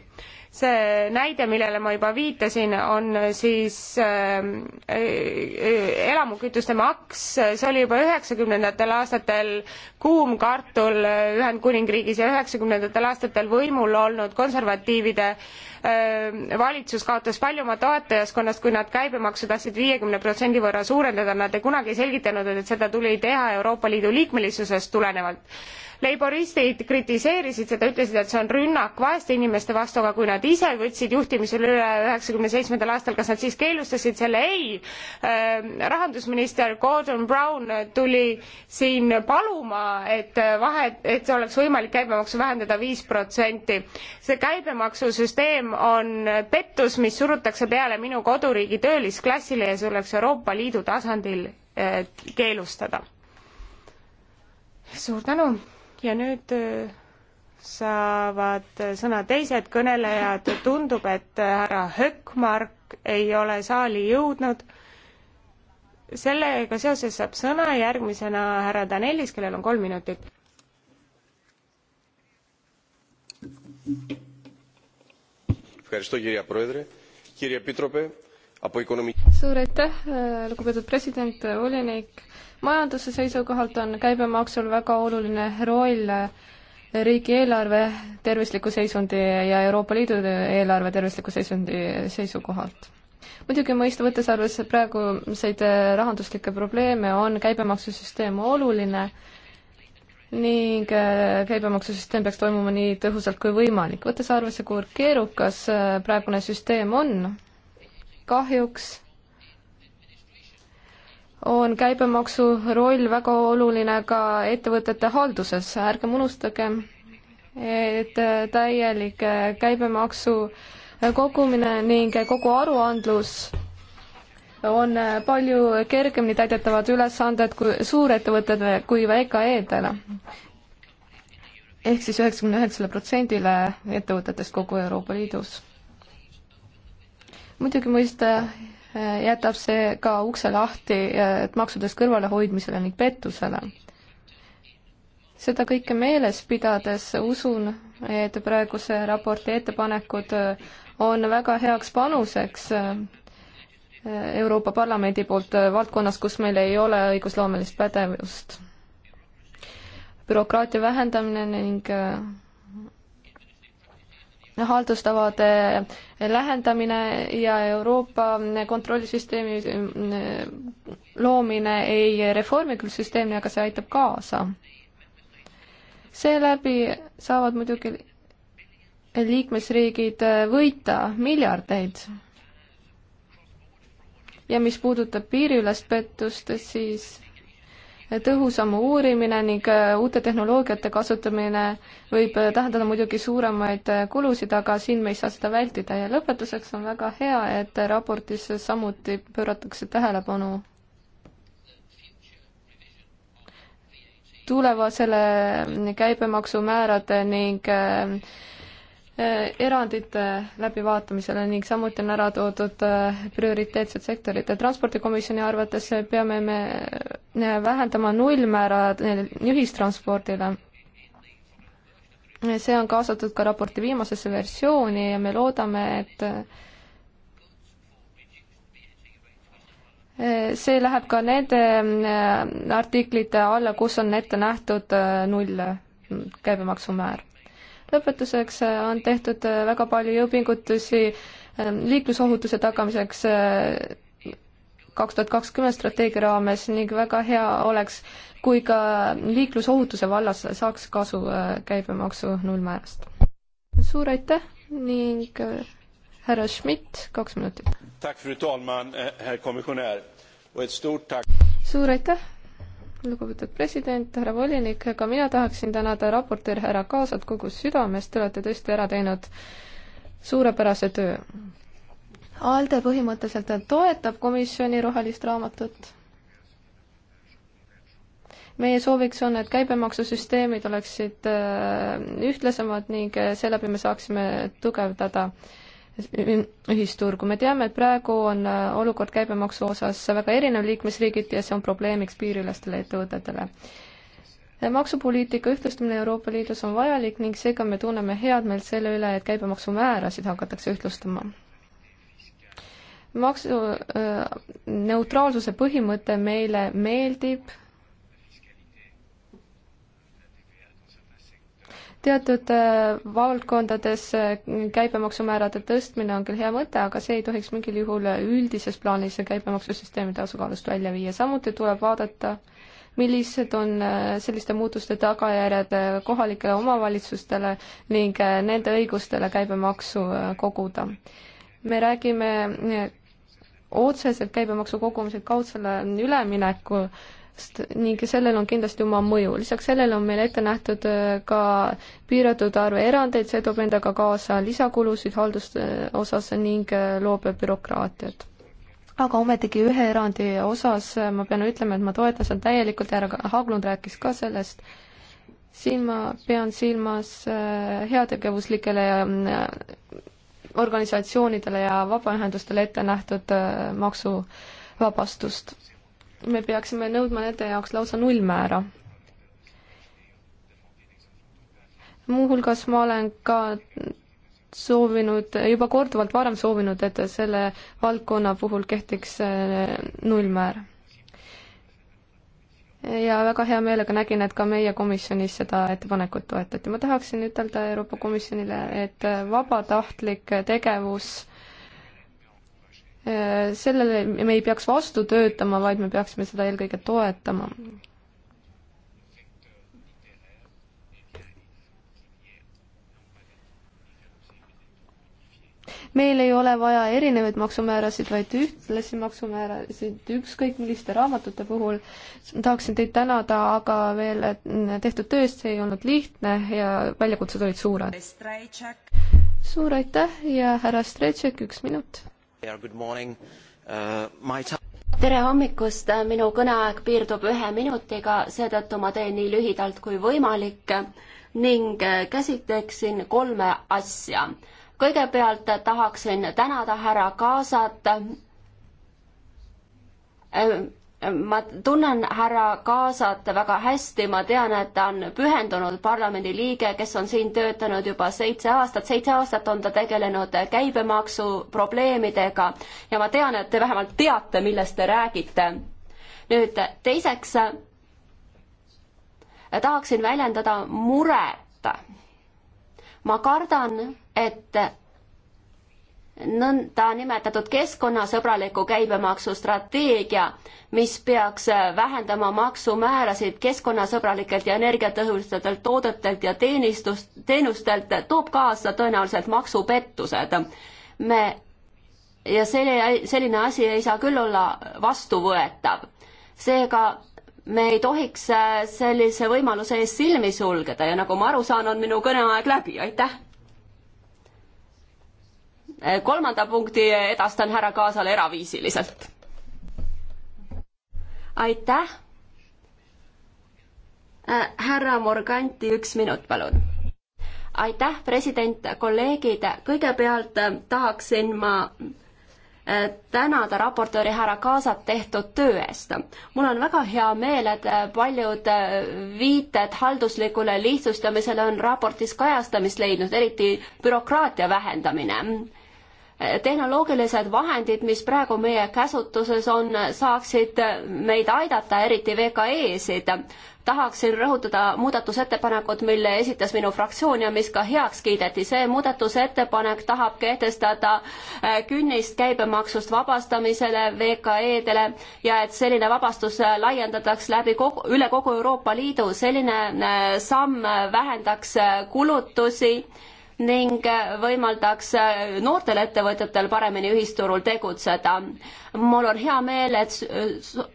see näide, millele ma juba viitasin, on siis äh, äh, elamukütuste maks, see oli juba üheksakümnendatel aastatel kuum kartul Ühendkuningriigis ja üheksakümnendatel aastatel võimul olnud konservatiivide äh, valitsus kaotas palju oma toetajaskonnast, kui nad käibemaksu tahtsid viiekümne protsendi võrra suurendada, nad ei kunagi selgitanud, et seda tuli teha Euroopa Liidu liikmelisusest tulenevalt Leiboristid kritiseerisid seda, ütlesid, et see on rünnak vaeste inimeste vastu, aga kui nad ise võtsid juhtimisel üle üheksakümne seitsmendal aastal, kas nad siis keelustasid selle? ei äh,. rahandusminister Gordon Brown tuli siin paluma, et vahe, et oleks võimalik käibemaksu vähendada viis protsenti. see käibemaksusüsteem on pettus, mis surutakse peale minu koduriigi töölisklassile ja see oleks Euroopa Liidu tasandil äh, keelustada. suur tänu ja nüüd äh, saavad sõna teised kõnelejad. tundub, et äh, härra Höckmark ei ole saali jõudnud. sellega seoses saab sõna järgmisena härra Danelis, kellel on kolm minutit. Ευχαριστώ κυρία Πρόεδρε. Κύριε Επίτροπε, suur aitäh, lugupeetud president, volinik. majanduse seisukohalt on käibemaksul väga oluline roll riigieelarve tervisliku seisundi ja Euroopa Liidu eelarve tervisliku seisundi seisukohalt muidugi mõista, võttes arvesse praeguseid rahanduslikke probleeme, on käibemaksusüsteem oluline ning käibemaksusüsteem peaks toimuma nii tõhusalt kui võimalik. võttes arvesse, kui keerukas praegune süsteem on, kahjuks on käibemaksu roll väga oluline ka ettevõtete halduses, ärgem unustagem, et täielik käibemaksu kogumine ning kogu aruandlus on palju kergemini täidetavad ülesanded kui suurettevõtetele kui VKE-dele. ehk siis üheksakümne üheksale protsendile ettevõtetest kogu Euroopa Liidus muidugi mõista äh, jätab see ka ukse lahti äh, maksudest kõrvalehoidmisele ning pettusele. seda kõike meeles pidades usun, et praeguse raporti ettepanekud äh, on väga heaks panuseks Euroopa Parlamendi poolt valdkonnas, kus meil ei ole õigusloomelist pädevust. bürokraatia vähendamine ning haldustavade lähendamine ja Euroopa kontrollisüsteemi mm, loomine ei reformi küll süsteemi, aga see aitab kaasa. seeläbi saavad muidugi liikmesriigid võita miljardeid. ja mis puudutab piiriülest pettust, siis tõhusam uurimine ning äh, uute tehnoloogiate kasutamine võib äh, tähendada muidugi suuremaid äh, kulusid, aga siin me ei saa seda vältida ja lõpetuseks on väga hea, et raportis samuti pööratakse tähelepanu tulevasele käibemaksumäärade ning Eh, erandite läbivaatamisele ning samuti on ära toodud eh, prioriteetsed sektorid. transpordikomisjoni arvates peame me eh, vähendama nullmäära ühistranspordile. see on kaasatud ka raporti viimasesse versiooni ja me loodame, et see läheb ka nende artiklite alla, kus on ette nähtud null käibemaksumäär lõpetuseks äh, on tehtud äh, väga palju jõupingutusi ähm, liiklusohutuse tagamiseks äh, kaks tuhat kakskümmend strateegia raames ning väga hea oleks, kui ka liiklusohutuse vallas saaks kasu käibemaksu nullmäärast. suur aitäh ning härra Schmidt, kaks minutit. Eh, suur aitäh, lugupeetud president, härra volinik, ka mina tahaksin tänada raportöör härra Kaasat kogu südamest, te olete tõesti ära teinud suurepärase töö. ALDE põhimõtteliselt toetab komisjoni rohelist raamatut. meie sooviks on, et käibemaksusüsteemid oleksid äh, ühtlasemad ning äh, seeläbi me saaksime tugevdada äh, ühisturgu. me teame, et praegu on äh, olukord käibemaksu osas väga erinev liikmesriigiti ja see on probleemiks piiriülestele ettevõtetele. maksupoliitika ühtlustamine Euroopa Liidus on vajalik ning seega me tunneme head meelt selle üle, et käibemaksumäärasid hakatakse ühtlustama maksu äh, neutraalsuse põhimõte meile meeldib teatud äh, valdkondades äh, käibemaksumäärade tõstmine on küll hea mõte, aga see ei tohiks mingil juhul äh, üldises plaanis käibemaksusüsteemi tasakaalust välja viia, samuti tuleb vaadata, millised on selliste muutuste tagajärjed kohalikele omavalitsustele ning nende õigustele käibemaksu koguda. me räägime otseselt käibemaksu kogumise kaudsele üleminekul ning sellel on kindlasti oma mõju. lisaks sellele on meil ette nähtud äh, ka piiratud arv erandeid, see toob endaga kaasa lisakulusid halduste äh, osas ning äh, loob bürokraatiat aga ometigi ühe erandi osas ma pean ütlema, et ma toetan seda täielikult, härra Haaglund rääkis ka sellest, siin ma pean silmas heategevuslikele organisatsioonidele ja vabaühendustele ette nähtud maksuvabastust me peaksime nõudma nende jaoks lausa nullmäära. muuhulgas ma olen ka soovinud, juba korduvalt varem soovinud, et selle valdkonna puhul kehtiks äh, nullmäär. ja väga hea meelega nägin, et ka meie komisjonis seda ettepanekut toetati. ma tahaksin ütelda Euroopa Komisjonile, et vabatahtlik tegevus Äh, sellele me ei peaks vastu töötama, vaid me peaksime seda eelkõige toetama. meil ei ole vaja erinevaid maksumäärasid, vaid ühtlasi maksumäärasid ükskõik milliste raamatute puhul. tahaksin teid tänada aga veel tehtud töö eest, see ei olnud lihtne ja väljakutsed olid suured. suur aitäh ja härra Strejček, üks minut Uh, tere hommikust, minu kõneaeg piirdub ühe minutiga, seetõttu ma teen nii lühidalt kui võimalik ning käsitleksin kolme asja. kõigepealt tahaksin tänada härra Kaasat ma tunnen härra Kaasat väga hästi, ma tean, et ta on pühendunud parlamendiliige, kes on siin töötanud juba seitse aastat, seitse aastat on ta tegelenud käibemaksu probleemidega ja ma tean, et te vähemalt teate, millest te räägite. nüüd teiseks tahaksin väljendada muret. ma kardan, et nõndanimetatud keskkonnasõbraliku käibemaksustrateegia, mis peaks vähendama maksumäärasid keskkonnasõbralikelt ja energiatõhusatelt toodetelt ja teenistust, teenustelt, toob kaasa tõenäoliselt maksupettused. me ja see, selline asi ei saa küll olla vastuvõetav. seega me ei tohiks sellise võimaluse ees silmi sulgeda ja nagu ma aru saan, on minu kõneaeg läbi, aitäh! Eh, kolmanda punkti edastan härra Kaasale eraviisiliselt. aitäh. Eh, härra Morganti, üks minut, palun. aitäh, president, kolleegid, kõigepealt eh, tahaksin ma tänada raportööri härra Kaasat tehtud töö eest. mul on väga hea meel, et paljud viited halduslikule lihtsustamisele on raportis kajastamist leidnud, eriti bürokraatia vähendamine tehnoloogilised vahendid, mis praegu meie käsutuses on, saaksid meid aidata, eriti VKE-sid. tahaksin rõhutada muudatusettepanekut, mille esitas minu fraktsioon ja mis ka heaks kiideti. see muudatusettepanek tahab kehtestada äh, künnist käibemaksust vabastamisele VKE-dele ja et selline vabastus laiendataks läbi kogu, üle kogu Euroopa Liidu. selline äh, samm vähendaks äh, kulutusi ning võimaldaks noortel ettevõtjatel paremini ühisturul tegutseda. mul on hea meel, et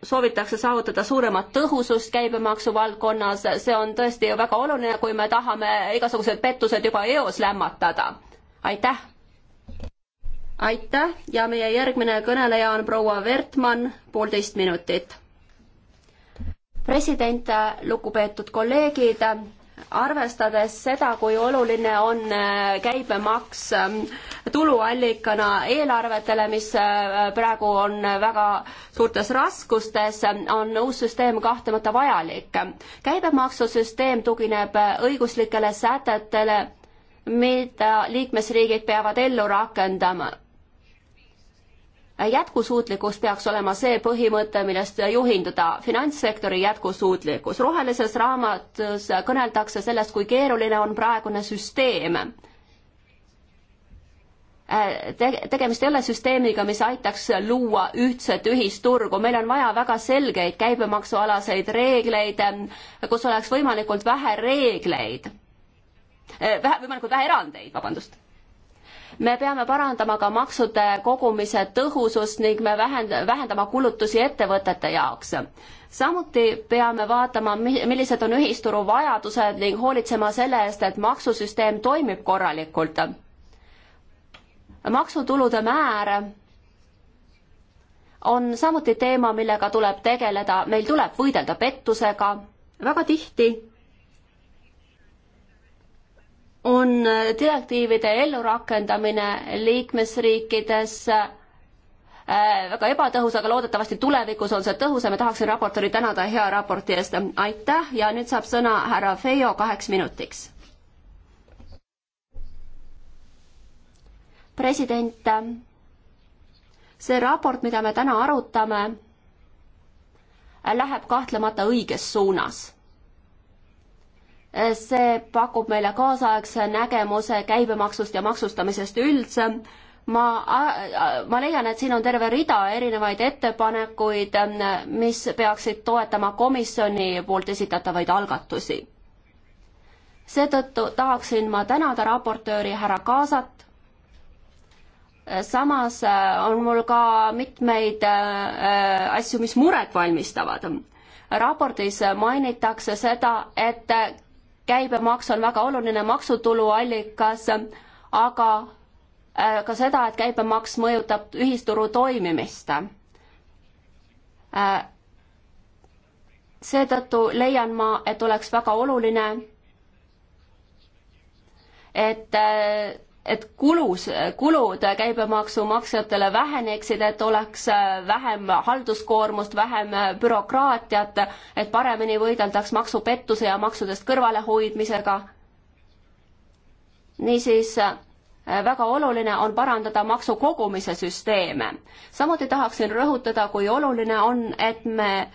soovitakse saavutada suuremat tõhusust käibemaksu valdkonnas, see on tõesti ju väga oluline, kui me tahame igasugused pettused juba eos lämmatada. aitäh! aitäh ja meie järgmine kõneleja on proua Vertmann, poolteist minutit. president, lugupeetud kolleegid arvestades seda, kui oluline on äh, käibemaks ähm, tuluallikana eelarvetele, mis äh, praegu on väga suurtes raskustes, on uus süsteem kahtlemata vajalik. käibemaksusüsteem tugineb äh, õiguslikele sätetele, mida liikmesriigid peavad ellu rakendama jätkusuutlikkus peaks olema see põhimõte, millest juhinduda finantssektori jätkusuutlikkus. rohelises raamatus kõneldakse sellest, kui keeruline on praegune süsteem. Te-, tegemist ei ole süsteemiga, mis aitaks luua ühtset ühisturgu, meil on vaja väga selgeid käibemaksualaseid reegleid, kus oleks võimalikult vähe reegleid, vähe, võimalikult vähe erandeid, vabandust me peame parandama ka maksude kogumise tõhusust ning me vähend-, vähendama kulutusi ettevõtete jaoks. samuti peame vaatama, millised on ühisturu vajadused ning hoolitsema selle eest, et maksusüsteem toimib korralikult. maksutulude määr on samuti teema, millega tuleb tegeleda, meil tuleb võidelda pettusega, väga tihti on direktiivide ellurakendamine liikmesriikides äh, väga ebatõhus, aga loodetavasti tulevikus on see tõhusam ja tahaksin raportööri tänada hea raporti eest. aitäh ja nüüd saab sõna härra Feio kaheks minutiks. president, see raport, mida me täna arutame, läheb kahtlemata õiges suunas see pakub meile kaasaegse nägemuse käibemaksust ja maksustamisest üldse. ma, ma leian, et siin on terve rida erinevaid ettepanekuid, mis peaksid toetama komisjoni poolt esitatavaid algatusi. seetõttu tahaksin ma tänada raportööri härra Kaasat samas on mul ka mitmeid äh, äh, asju, mis muret valmistavad. raportis mainitakse seda, et käibemaks on väga oluline maksutuluallikas, aga äh, ka seda, et käibemaks mõjutab ühisturu toimimist. Äh, seetõttu leian ma, et oleks väga oluline, et äh, et kulus, kulud käibemaksu maksjatele väheneksid, et oleks vähem halduskoormust, vähem bürokraatiat, et paremini võideldaks maksupettuse ja maksudest kõrvalehoidmisega. niisiis väga oluline on parandada maksukogumise süsteeme. samuti tahaksin rõhutada, kui oluline on, et me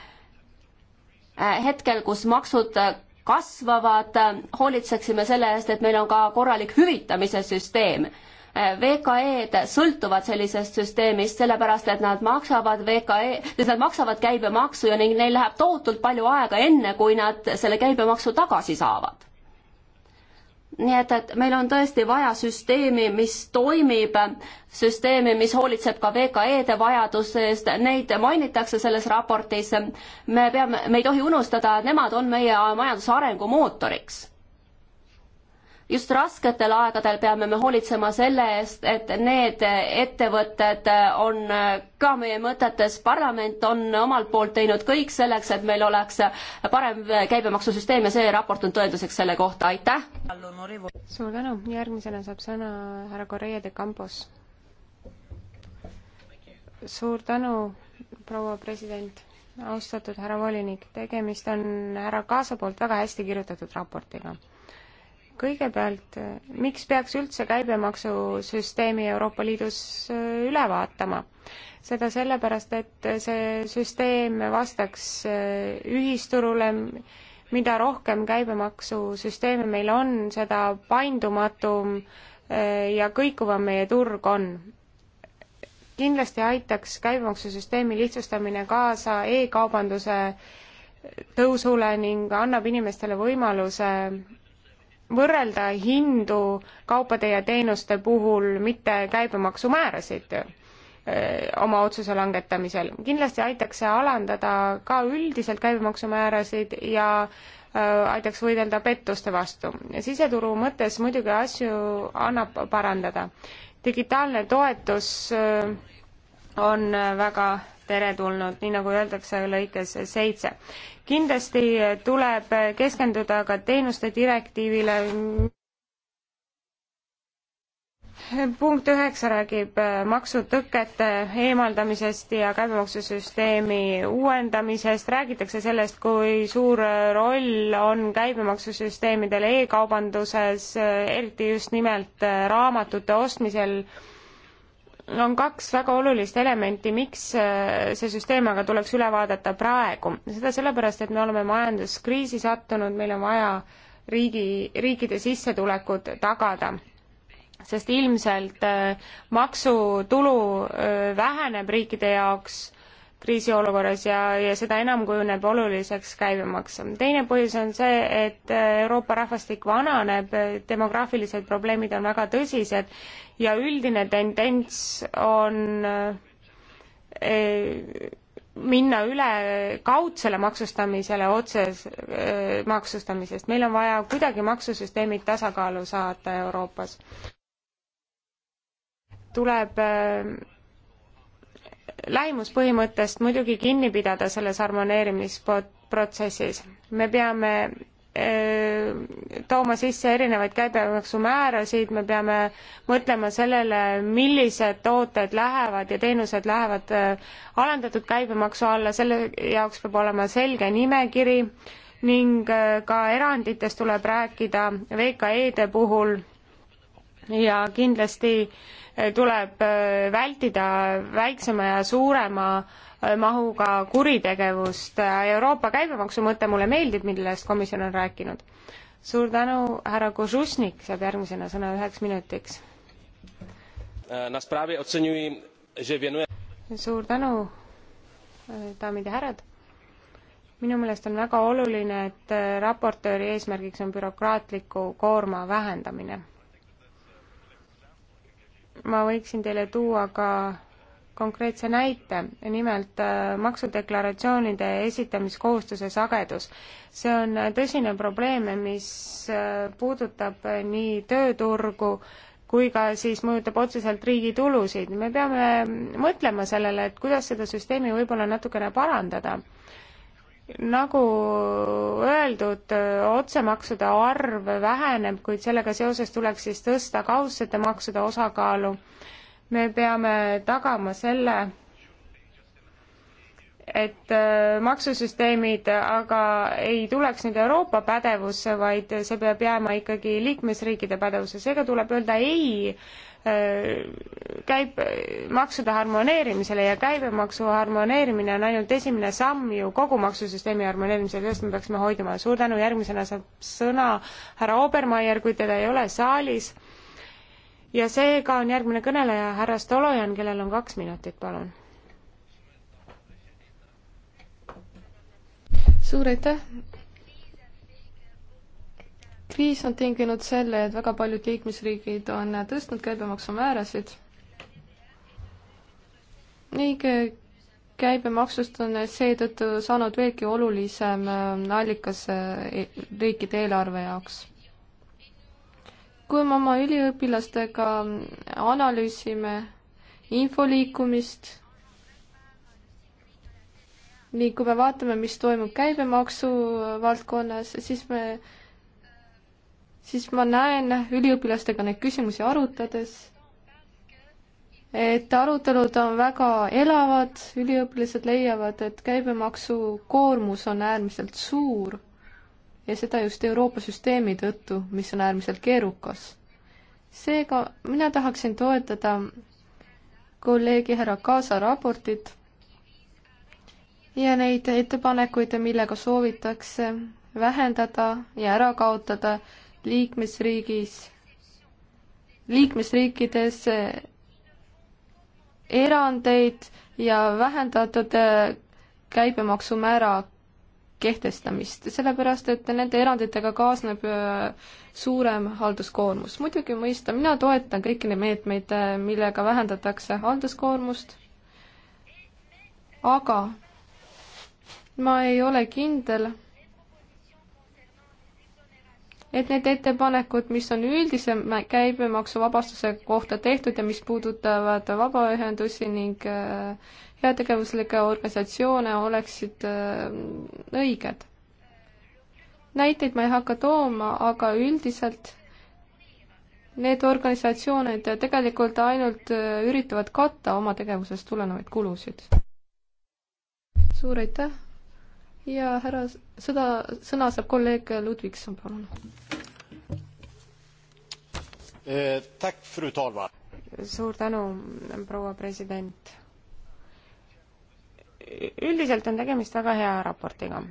hetkel, kus maksud kasvavad, hoolitseksime selle eest, et meil on ka korralik hüvitamise süsteem. VKE-d sõltuvad sellisest süsteemist sellepärast, et nad maksavad VKE, nad maksavad käibemaksu ja ning neil läheb tohutult palju aega, enne kui nad selle käibemaksu tagasi saavad nii et, et meil on tõesti vaja süsteemi, mis toimib, süsteemi, mis hoolitseb ka VKE-de vajaduse eest, neid mainitakse selles raportis. me peame, me ei tohi unustada, et nemad on meie majanduse arengu mootoriks just rasketel aegadel peame me hoolitsema selle eest, et need ettevõtted on ka meie mõtetes, parlament on omalt poolt teinud kõik selleks, et meil oleks parem käibemaksusüsteem ja see raport on tõenduseks selle kohta, aitäh! suur tänu, järgmisena saab sõna härra Correia de Campos. suur tänu, proua president, austatud härra volinik, tegemist on härra Kaasa poolt väga hästi kirjutatud raportiga kõigepealt, eh, miks peaks üldse käibemaksusüsteemi Euroopa Liidus eh, üle vaatama? seda sellepärast, et see süsteem vastaks eh, ühisturule, mida rohkem käibemaksusüsteeme meil on, seda paindumatum ja kõikuvam meie turg on. kindlasti aitaks käibemaksusüsteemi lihtsustamine kaasa e-kaubanduse tõusule ning annab inimestele võimaluse võrrelda hindu kaupade ja teenuste puhul, mitte käibemaksumäärasid äh, oma otsuse langetamisel. kindlasti aitaks see alandada ka üldiselt käibemaksumäärasid ja äh, aitaks võidelda pettuste vastu. siseturu mõttes muidugi asju annab parandada. digitaalne toetus äh, on väga teretulnud, nii nagu öeldakse lõikes seitse. kindlasti tuleb keskenduda ka teenuste direktiivile. punkt üheksa räägib maksutõkete eemaldamisest ja käibemaksusüsteemi uuendamisest, räägitakse sellest, kui suur roll on käibemaksusüsteemidel e-kaubanduses, eriti just nimelt raamatute ostmisel on kaks väga olulist elementi, miks äh, see süsteem aga tuleks üle vaadata praegu. seda sellepärast, et me oleme majanduskriisi sattunud, meil on vaja riigi, riikide sissetulekud tagada. sest ilmselt äh, maksutulu äh, väheneb riikide jaoks kriisiolukorras ja, ja seda enam kujuneb oluliseks käibemaks. teine põhjus on see, et äh, Euroopa rahvastik vananeb, demograafilised probleemid on väga tõsised ja üldine tendents on äh, minna üle kaudsele maksustamisele otses äh, maksustamisest. meil on vaja kuidagi maksusüsteemid tasakaalu saada Euroopas. tuleb lähimuspõhimõttest muidugi kinni pidada selles harmoneerimisprotsessis. me peame äh, tooma sisse erinevaid käibemaksumäärasid, me peame mõtlema sellele, millised tooted lähevad ja teenused lähevad äh, alandatud käibemaksu alla, selle jaoks peab olema selge nimekiri ning äh, ka eranditest tuleb rääkida VKE-de puhul ja kindlasti eh, tuleb eh, vältida väiksema ja suurema eh, mahuga kuritegevust. Euroopa käibemaksu mõte mulle meeldib, millest komisjon on rääkinud. suur tänu, härra Kožusnik saab järgmisena sõna üheks minutiks. suur tänu, daamid ja härrad minu meelest on väga oluline, et raportööri eesmärgiks on bürokraatliku koorma vähendamine ma võiksin teile tuua ka konkreetse näite, nimelt äh, maksudeklaratsioonide esitamiskohustuse sagedus. see on tõsine probleem, mis äh, puudutab äh, nii tööturgu kui ka siis mõjutab otseselt riigi tulusid. me peame mõtlema sellele, et kuidas seda süsteemi võib-olla natukene parandada nagu öeldud, otsemaksude arv väheneb, kuid sellega seoses tuleks siis tõsta kaudsete maksude osakaalu. me peame tagama selle, et äh, maksusüsteemid aga ei tuleks nüüd Euroopa pädevusse, vaid see peab jääma ikkagi liikmesriikide pädevusse, seega tuleb öelda ei Äh, käib maksude harmoneerimisele ja käibemaksu harmoneerimine on ainult esimene samm ju kogu maksusüsteemi harmoneerimisel, sellest me peaksime hoiduma. suur tänu, järgmisena saab sõna härra Obermeier, kui teda ei ole saalis. ja seega on järgmine kõneleja härra Stolojan, kellel on kaks minutit, palun. suur aitäh, kriis on tinginud selle, et väga paljud liikmesriigid on tõstnud käibemaksumäärasid ning käibemaksust on seetõttu saanud veelgi olulisem ähm, allikas äh, e, riikide eelarve jaoks. kui me oma üliõpilastega analüüsime info liikumist, nii kui me vaatame, mis toimub käibemaksu äh, valdkonnas, siis me siis ma näen üliõpilastega neid küsimusi arutades, et arutelud on väga elavad, üliõpilased leiavad, et käibemaksukoormus on äärmiselt suur ja seda just Euroopa süsteemi tõttu, mis on äärmiselt keerukas. seega mina tahaksin toetada kolleegi härra Kaasa raportit ja neid ettepanekuid, millega soovitakse vähendada ja ära kaotada liikmesriigis, liikmesriikides eh, erandeid ja vähendatud eh, käibemaksumäära kehtestamist, sellepärast et nende eranditega kaasneb eh, suurem halduskoormus. muidugi mõista, mina toetan kõiki neid meetmeid, millega vähendatakse halduskoormust, aga ma ei ole kindel et need ettepanekud, mis on üldise käibemaksuvabastuse kohta tehtud ja mis puudutavad vabaühendusi ning äh, heategevuslikke organisatsioone, oleksid äh, õiged. näiteid ma ei hakka tooma, aga üldiselt need organisatsioonid tegelikult ainult äh, üritavad katta oma tegevusest tulenevaid kulusid. suur aitäh ja härra, seda sõna saab kolleeg Ludvigson, palun Eh, suur tänu, proua president. üldiselt on tegemist väga hea raportiga.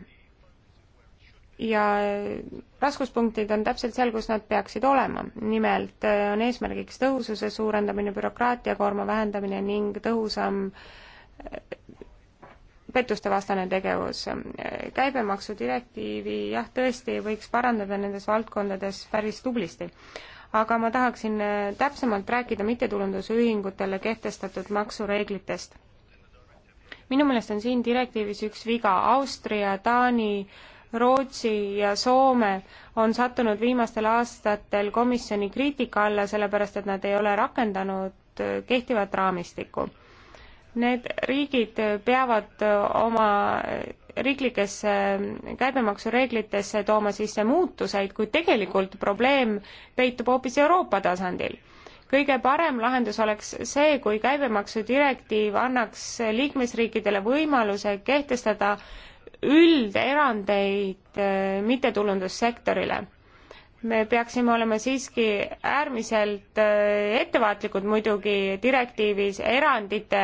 ja raskuspunktid on täpselt seal, kus nad peaksid olema. nimelt eh, on eesmärgiks tõhususe suurendamine, bürokraatiakoorma vähendamine ning tõhusam eh, pettustevastane tegevus. käibemaksudirektiivi jah, tõesti võiks parandada nendes valdkondades päris tublisti aga ma tahaksin äh, täpsemalt rääkida mittetulundusühingutele kehtestatud maksureeglitest. minu meelest on siin direktiivis üks viga, Austria, Taani, Rootsi ja Soome on sattunud viimastel aastatel komisjoni kriitika alla, sellepärast et nad ei ole rakendanud äh, kehtivat raamistikku. Need riigid peavad äh, oma riiklikesse käibemaksureeglitesse tooma sisse muutuseid, kuid tegelikult probleem peitub hoopis Euroopa tasandil. kõige parem lahendus oleks see, kui käibemaksudirektiiv annaks liikmesriikidele võimaluse kehtestada ülderandeid äh, mittetulundussektorile me peaksime olema siiski äärmiselt äh, ettevaatlikud muidugi direktiivis erandite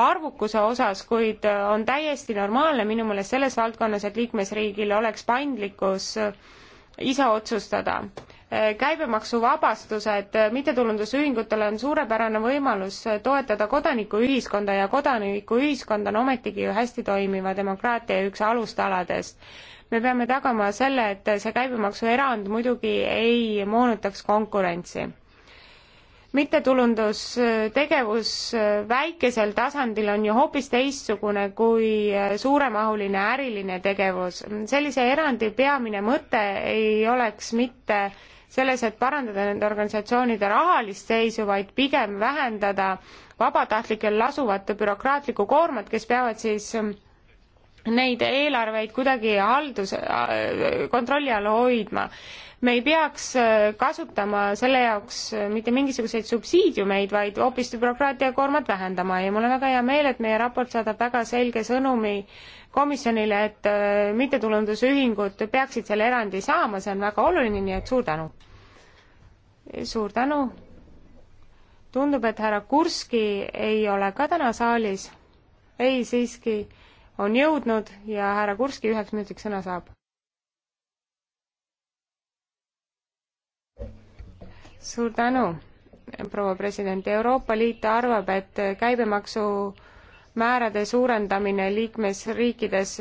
arvukuse osas, kuid äh, on täiesti normaalne minu meelest selles valdkonnas, et liikmesriigil oleks paindlikkus äh, ise otsustada. Äh, käibemaksuvabastused mittetulundusühingutele on suurepärane võimalus toetada kodanikuühiskonda ja kodanikuühiskond on ometigi ju hästi toimiva demokraatia üks alustaladest me peame tagama selle, et see käibemaksuerand muidugi ei moonutaks konkurentsi mittetulundustegevus äh, väikesel tasandil on ju hoopis teistsugune kui äh, suuremahuline äriline tegevus. sellise erandi peamine mõte ei oleks mitte selles, et parandada nende organisatsioonide rahalist seisu, vaid pigem vähendada vabatahtlikel lasuvat bürokraatlikku koormat, kes peavad siis äh, neid eelarveid kuidagi haldus, kontrolli all hoidma me ei peaks äh, kasutama selle jaoks äh, mitte mingisuguseid subsiidiumeid, vaid hoopis bürokraatia koormat vähendama ja mul on väga hea meel, et meie raport saadab väga selge sõnumi komisjonile, et äh, mittetulundusühingud peaksid selle erandi saama, see on väga oluline, nii et suur tänu. suur tänu. tundub, et härra Kurski ei ole ka täna saalis. ei, siiski on jõudnud ja härra Kurski üheks minutiks sõna saab. suur tänu, proua president. Euroopa Liit arvab, et käibemaksu määrade suurendamine liikmesriikides,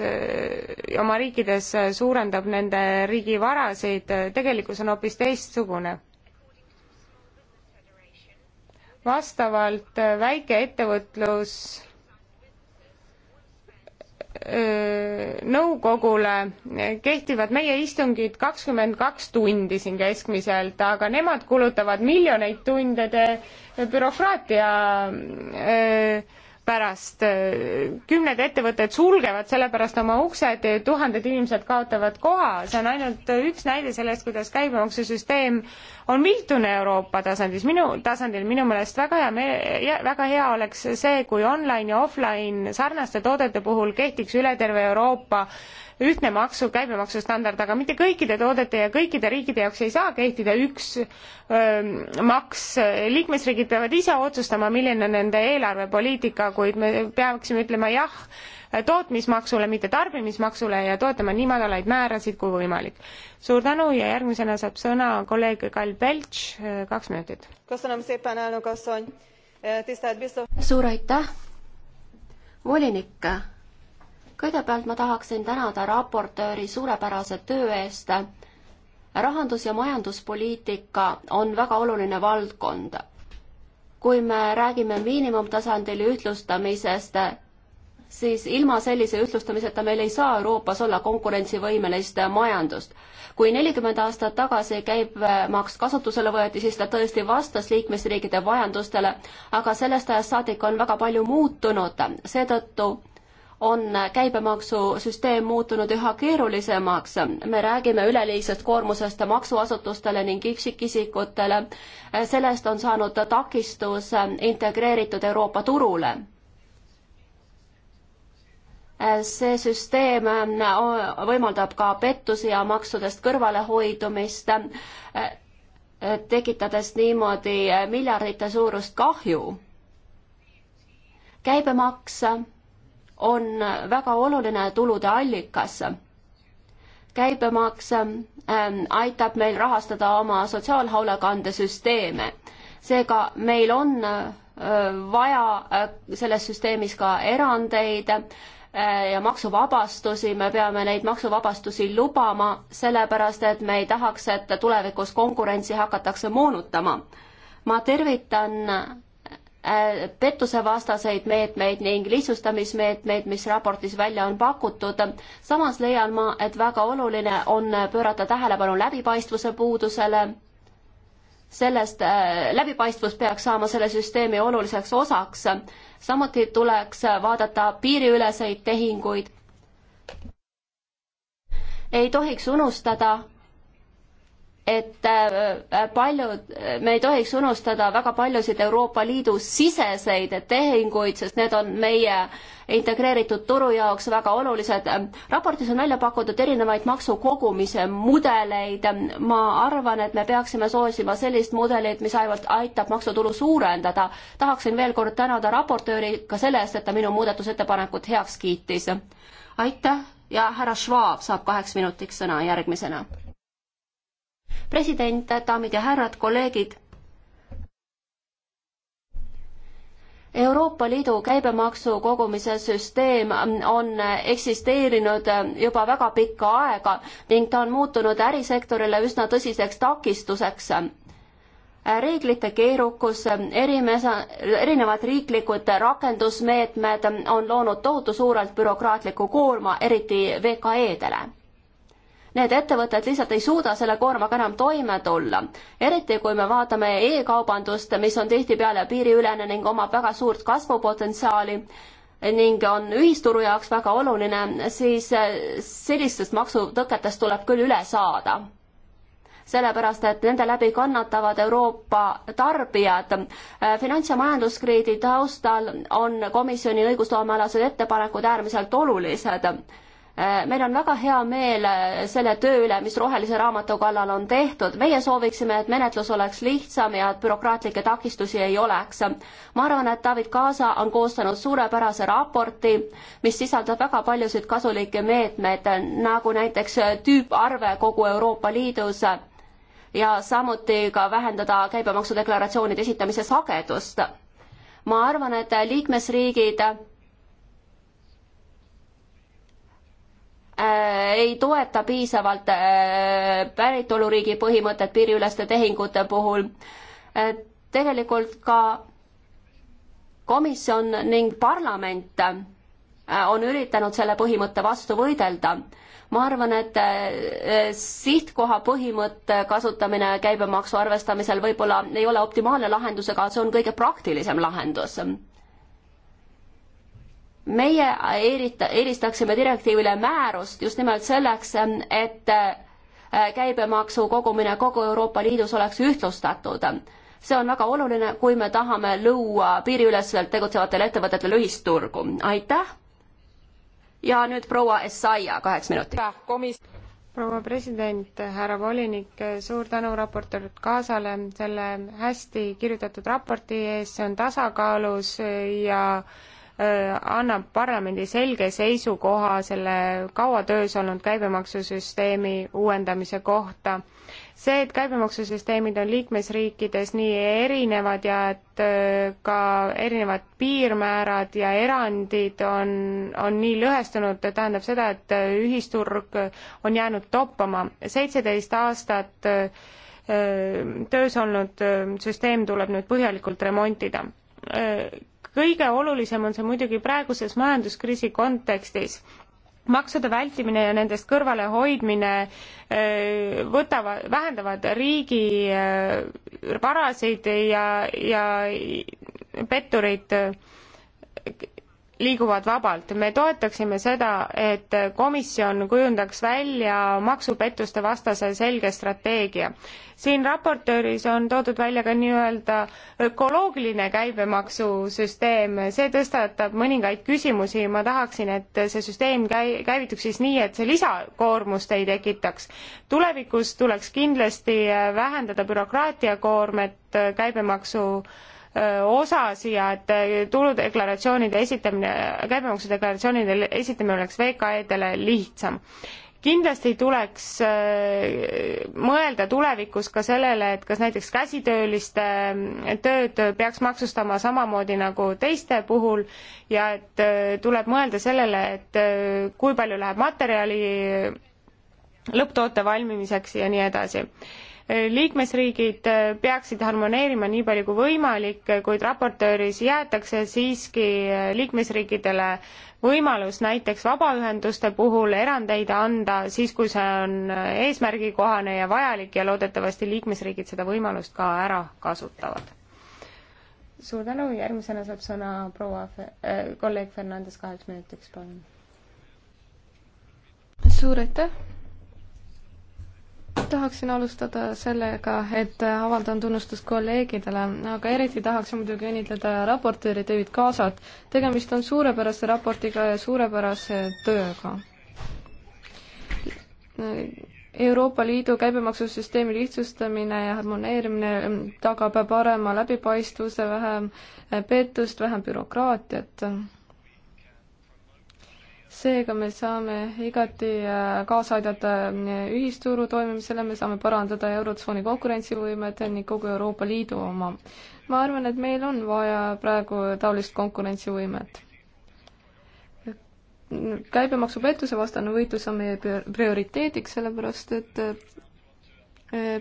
oma riikides suurendab nende riigi varasid, tegelikkus on hoopis teistsugune. vastavalt väikeettevõtlus nõukogule kehtivad meie istungid kakskümmend kaks tundi siin keskmiselt, aga nemad kulutavad miljoneid tunde bürokraatia öö, pärast. Äh, kümned ettevõtted sulgevad sellepärast oma uksed, tuhanded inimesed kaotavad koha, see on ainult üks näide sellest, kuidas käibemaksusüsteem on viltune Euroopa tasandis, minu tasandil minu meelest väga hea meel, väga hea oleks see, kui online ja offline sarnaste toodete puhul kehtiks üle terve Euroopa ühtne maksu, käibemaksustandard, aga mitte kõikide toodete ja kõikide riikide jaoks ei saa kehtida üks öö, maks. liikmesriigid peavad ise otsustama, milline on nende eelarvepoliitika, kuid me peaksime ütlema jah tootmismaksule, mitte tarbimismaksule ja toetama nii madalaid määrasid kui võimalik. suur tänu ja järgmisena saab sõna kolleeg Kall Pelts, kaks minutit. suur aitäh, volinik kõigepealt ma tahaksin tänada raportööri suurepärase töö eest. rahandus- ja majanduspoliitika on väga oluline valdkond. kui me räägime miinimumtasandil ühtlustamisest, siis ilma sellise ühtlustamiseta meil ei saa Euroopas olla konkurentsivõimelist majandust. kui nelikümmend aastat tagasi käibemaks kasutusele võeti, siis ta tõesti vastas liikmesriikide vajadustele, aga sellest ajast saadik on väga palju muutunud, seetõttu on käibemaksusüsteem muutunud üha keerulisemaks. me räägime üleliigsest koormusest maksuasutustele ning üksikisikutele. sellest on saanud takistus integreeritud Euroopa turule. see süsteem võimaldab ka pettusi ja maksudest kõrvalehoidumist, tekitades niimoodi miljardite suurust kahju. käibemaks on väga oluline tulude allikas. käibemaks ähm, aitab meil rahastada oma sotsiaalhoolekandesüsteeme, seega meil on äh, vaja äh, selles süsteemis ka erandeid äh, ja maksuvabastusi, me peame neid maksuvabastusi lubama, sellepärast et me ei tahaks, et tulevikus konkurentsi hakatakse moonutama. ma tervitan Äh, pettusevastaseid meetmeid ning lihtsustamismeetmeid, mis raportis välja on pakutud. samas leian ma, et väga oluline on pöörata tähelepanu läbipaistvuse puudusele. sellest äh,, läbipaistvus peaks saama selle süsteemi oluliseks osaks. samuti tuleks vaadata piiriüleseid tehinguid. ei tohiks unustada et äh, paljud, me ei tohiks unustada väga paljusid Euroopa Liidu siseseid tehinguid, sest need on meie integreeritud turu jaoks väga olulised. raportis on välja pakutud erinevaid maksukogumise mudeleid. ma arvan, et me peaksime soosima sellist mudelit, mis ainult aitab maksutulu suurendada. tahaksin veel kord tänada raportööri ka selle eest, et ta minu muudatusettepanekut heaks kiitis. aitäh ja härra Schwab saab kaheks minutiks sõna järgmisena president, daamid ja härrad, kolleegid. Euroopa Liidu käibemaksu kogumise süsteem on eksisteerinud juba väga pikka aega ning ta on muutunud ärisektorile üsna tõsiseks takistuseks reeglite keerukus, erimesa, erinevad riiklikud rakendusmeetmed on loonud tohutu suurelt bürokraatliku koorma, eriti VKE-dele need ettevõtted lihtsalt ei suuda selle koormaga enam toime tulla. eriti kui me vaatame e-kaubandust, mis on tihtipeale piiriülene ning omab väga suurt kasvupotentsiaali ning on ühisturu jaoks väga oluline, siis eh, sellistest maksutõketest tuleb küll üle saada sellepärast et nende läbi kannatavad Euroopa tarbijad. Eh, finants- ja majanduskriidi taustal on komisjoni õigusloomealased ettepanekud äärmiselt olulised Äh, meil on väga hea meel äh, selle töö üle, mis Rohelise Raamatu kallal on tehtud. meie sooviksime, et menetlus oleks lihtsam ja et bürokraatlikke takistusi ei oleks. ma arvan, et David Kaasa on koostanud suurepärase raporti, mis sisaldab väga paljusid kasulikke meetmeid, nagu näiteks äh, tüüparve kogu Euroopa Liidus ja samuti ka vähendada käibemaksudeklaratsioonide esitamise sagedust. ma arvan, et liikmesriigid Äh, ei toeta piisavalt äh, päritoluriigi põhimõtet piiriüleste tehingute puhul. Äh, tegelikult ka komisjon ning parlament on üritanud selle põhimõtte vastu võidelda. ma arvan, et sihtkoha põhimõtte kasutamine käibemaksu arvestamisel võib-olla ei ole optimaalne lahendus, aga see on kõige praktilisem lahendus meie erita-, eristaksime direktiivile määrust just nimelt selleks, et äh, käibemaksu kogumine kogu Euroopa Liidus oleks ühtlustatud. see on väga oluline, kui me tahame luua piiriüleselt tegutsevatele ettevõtetele ühisturgu. aitäh! ja nüüd proua Essaia kaheks minutiks. proua president, härra volinik, suur tänu raportöör Kaasale selle hästi kirjutatud raporti eest, see on tasakaalus ja äh, annab parlamendi selge seisukoha selle kaua töös olnud käibemaksusüsteemi uuendamise kohta. see, et käibemaksusüsteemid on liikmesriikides nii erinevad ja et ka erinevad piirmäärad ja erandid on, on nii lõhestunud, tähendab seda, et ühisturg on jäänud toppama. seitseteist aastat töös olnud süsteem tuleb nüüd põhjalikult remontida kõige olulisem on see muidugi praeguses majanduskriisi kontekstis maksude vältimine ja nendest kõrvalehoidmine võtavad, vähendavad riigi varasid ja, ja petturid liiguvad vabalt. me toetaksime seda, et komisjon kujundaks välja maksupettuste vastase selge strateegia. siin raportööris on toodud välja ka nii-öelda ökoloogiline käibemaksusüsteem, see tõstatab mõningaid küsimusi, ma tahaksin, et see süsteem käi-, käivituks siis nii, et see lisakoormust ei tekitaks. tulevikus tuleks kindlasti vähendada bürokraatiakoormet käibemaksu äh, osa siia, et eh, tuludeklaratsioonide esitamine, käibemaksudeklaratsioonide esitamine oleks VKE-dele lihtsam. kindlasti tuleks eh, mõelda tulevikus ka sellele, et kas näiteks käsitööliste eh, tööd peaks maksustama samamoodi nagu teiste puhul ja et tuleb mõelda sellele, et kui palju läheb materjali lõpptoote valmimiseks ja nii edasi liikmesriigid äh, peaksid harmoneerima nii palju kui võimalik, kuid raportööris jäetakse siiski äh, liikmesriikidele võimalus näiteks vabaühenduste puhul erandeid anda siis, kui see on äh, eesmärgikohane ja vajalik ja loodetavasti liikmesriigid seda võimalust ka ära kasutavad. suur tänu, järgmisena saab sõna proua äh,, kolleeg Fernandes kaheks minutiks, palun. suur aitäh tahaksin alustada sellega, et avaldan tunnustust kolleegidele, aga eriti tahaksin muidugi õnnitleda raportööri David Kaasat. tegemist on suurepärase raportiga ja suurepärase tööga. Euroopa Liidu käibemaksusüsteemi lihtsustamine ja harmoneerimine tagab parema läbipaistvuse, vähem pettust, vähem bürokraatiat seega me saame igati äh, kaasa aidata äh, ühisturu toimimisele, me saame parandada Eurotsooni konkurentsivõimet ning kogu Euroopa Liidu oma. ma arvan, et meil on vaja praegu taolist konkurentsivõimet. käibemaksupettuse vastane võitlus on meie prioriteediks, sellepärast et äh,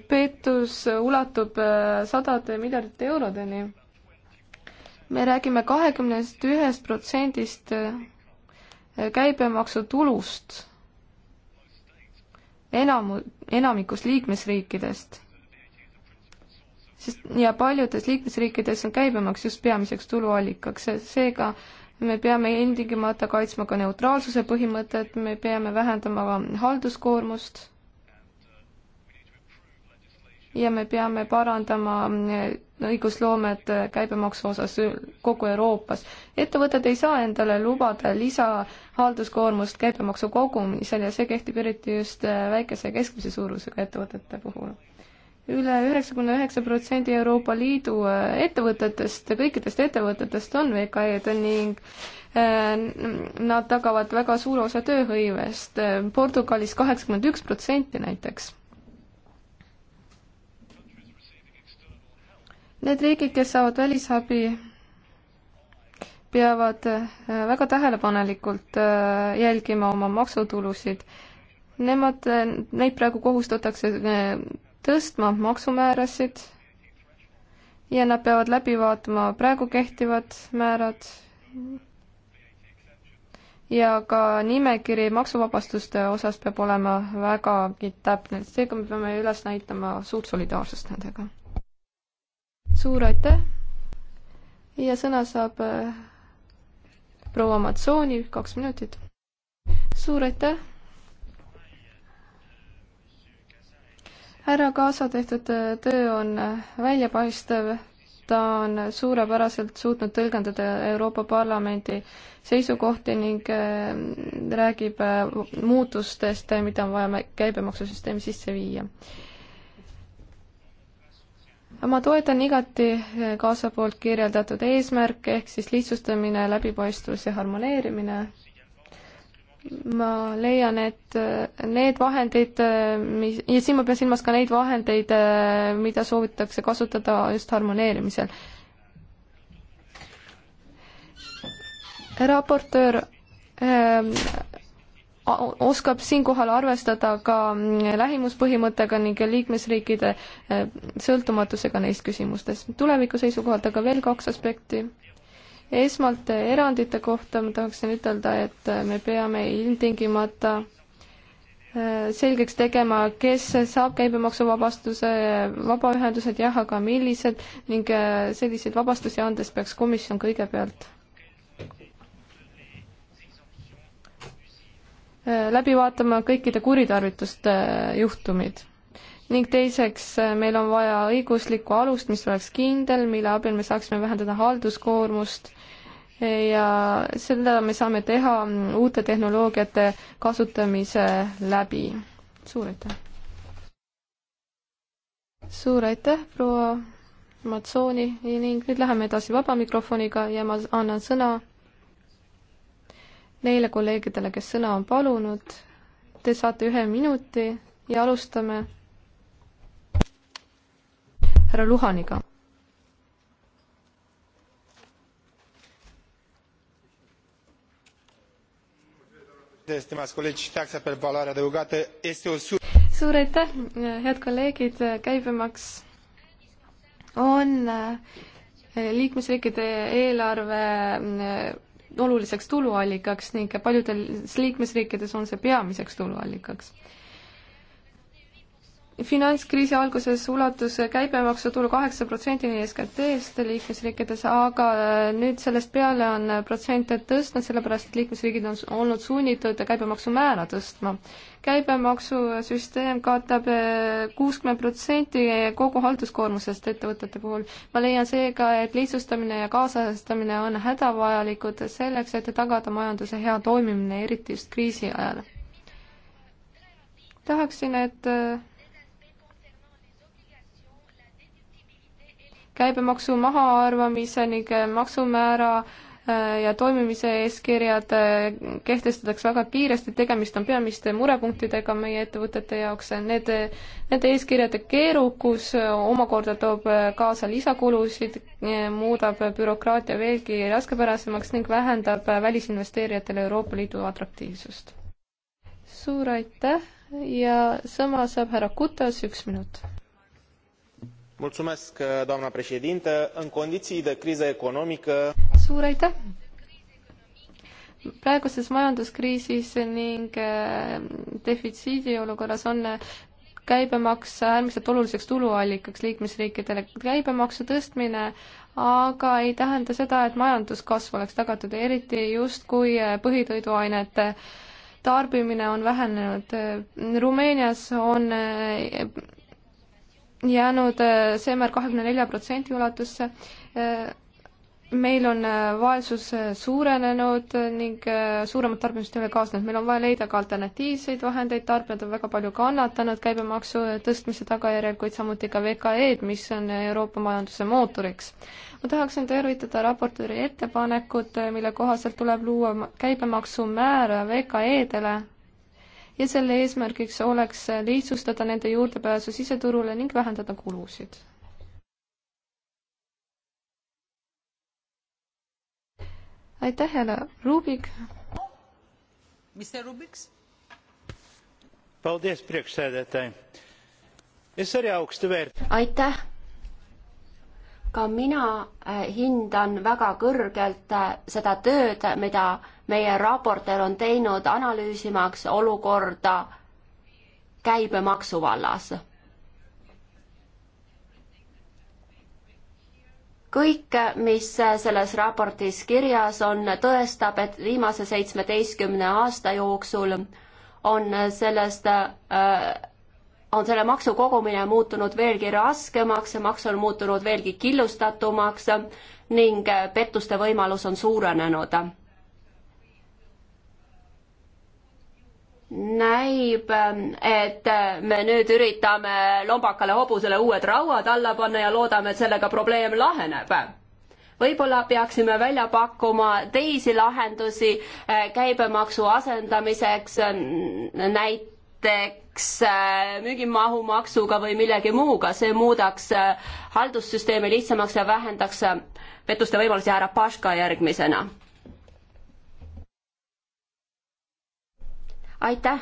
peetus ulatub sadade miljardite eurodeni. me räägime kahekümnest ühest protsendist käibemaksu tulust enamu, enamikus liikmesriikidest, sest ja paljudes liikmesriikides on käibemaks just peamiseks tuluallikaks, seega me peame ilmtingimata kaitsma ka neutraalsuse põhimõtet, me peame vähendama halduskoormust ja me peame parandama mm, õigusloomet käibemaksu osas kogu Euroopas. ettevõtted ei saa endale lubada lisahalduskoormust käibemaksu kogumisel ja see kehtib eriti just äh, väikese ja keskmise suurusega ettevõtete puhul üle. üle üheksakümne üheksa protsendi Euroopa Liidu äh, ettevõtetest, kõikidest ettevõtetest on VKE-d ning äh, nad tagavad väga suure osa tööhõivest Portugalis, Portugalis kaheksakümmend üks protsenti näiteks Need riigid, kes saavad välisabi, peavad äh, väga tähelepanelikult äh, jälgima oma maksutulusid. Nemad, äh, neid praegu kohustatakse tõstma maksumäärasid ja nad peavad läbi vaatama praegu kehtivad määrad ja ka nimekiri maksuvabastuste osas peab olema vägagi täpne, seega me peame üles näitama suurt solidaarsust nendega suur aitäh ja sõna saab äh, proua Matsooni, kaks minutit. suur aitäh. härra Kaasa tehtud äh, töö on äh, väljapaistev, ta on suurepäraselt suutnud tõlgendada Euroopa Parlamendi seisukohti ning räägib muutustest, mida on vaja käibemaksusüsteemi sisse viia ma toetan igati kaasa poolt kirjeldatud eesmärke ehk siis lihtsustamine, läbipaistvus ja harmoneerimine. ma leian, et need vahendid, mis, ja siin ma pean silmas ka neid vahendeid, mida soovitakse kasutada just harmoneerimisel. raportöör ähm, oskab siinkohal arvestada ka mm, lähimuspõhimõttega ning liikmesriikide eh, sõltumatusega neis küsimustes. tuleviku seisukohalt aga veel kaks aspekti. esmalt erandite kohta ma tahaksin ütelda, et eh, me peame ilmtingimata eh, selgeks tegema, kes saab käibemaksuvabastuse, vabaühendused jah, aga millised ning selliseid vabastusi andes peaks komisjon kõigepealt Äh, läbi vaatama kõikide kuritarvituste äh, juhtumid. ning teiseks, äh, meil on vaja õiguslikku alust, mis oleks kindel, mille abil me saaksime vähendada halduskoormust ja seda me saame teha mm, uute tehnoloogiate kasutamise läbi. suur aitäh! suur aitäh, proua Matsooni ning nüüd läheme edasi vaba mikrofoniga ja ma annan sõna neile kolleegidele, kes sõna on palunud. Te saate ühe minuti ja alustame härra Luhaniga. suur aitäh, head kolleegid, käibemaks on liikmesriikide eelarve oluliseks tuluallikaks ning paljudes liikmesriikides on see peamiseks tuluallikaks finantskriisi alguses ulatus käibemaksutulu kaheksa protsendini SKT-st liikmesriikides, aga äh, nüüd sellest peale on äh, protsente tõstnud, sellepärast et liikmesriigid on olnud sunnitud käibemaksumäära tõstma. käibemaksusüsteem äh, katab kuuskümmend protsenti kogu halduskoormusest ettevõtete puhul. ma leian seega, et lihtsustamine ja kaasajastamine on hädavajalikud selleks, et tagada majanduse hea toimimine, eriti just kriisi ajal. tahaksin, et käibemaksu mahaarvamise ning maksumäära äh, ja toimimise eeskirjad äh, kehtestatakse väga kiiresti, tegemist on peamiste murepunktidega meie ettevõtete jaoks, need, nende eeskirjade keerukus äh, omakorda toob kaasa lisakulusid, muudab bürokraatia veelgi raskepärasemaks ning vähendab välisinvesteerijatele Euroopa Liidu atraktiivsust. suur aitäh ja sõna saab härra Kutas, üks minut în condiii de criză economică. suur aitäh! praeguses majanduskriisis ning eh, defitsiidi olukorras on eh, käibemaks äärmiselt oluliseks tuluallikaks liikmesriikidele. käibemaksu tõstmine aga ei tähenda seda, et majanduskasv oleks tagatud, eriti just kui eh, põhitoiduainete tarbimine on vähenenud. Rumeenias on jäänud äh, seemäär kahekümne nelja protsendi ulatusse. Äh, meil on äh, vaesus suurenenud ning suuremat tarbimist ei ole kaasnenud, meil on vaja leida ka alternatiivseid vahendeid, tarbijad on väga palju kannatanud käibemaksu tõstmise tagajärjel, kuid samuti ka VKE-d, mis on Euroopa majanduse mootoriks. ma tahaksin tervitada raportööri ettepanekut, mille kohaselt tuleb luua käibemaksumäära VKE-dele ja selle eesmärgiks oleks lihtsustada nende juurdepääsu siseturule ning vähendada kulusid. aitäh, härra Rubik. aitäh ka mina eh, hindan väga kõrgelt eh, seda tööd, mida meie raporter on teinud analüüsimaks olukorda käibemaksu vallas. kõik, mis selles raportis kirjas on, tõestab, et viimase seitsmeteistkümne aasta jooksul on sellest äh, on selle maksu kogumine muutunud veelgi raskemaks, maks on muutunud veelgi killustatumaks ning pettuste võimalus on suurenenud. näib, et me nüüd üritame lombakale hobusele uued rauad alla panna ja loodame, et sellega probleem laheneb. võib-olla peaksime välja pakkuma teisi lahendusi eh, käibemaksu asendamiseks, näiteks eh, müügimahumaksuga või millegi muuga, see muudaks eh, haldussüsteemi lihtsamaks ja vähendaks pettuste võimalusi, härra Paška järgmisena aitäh!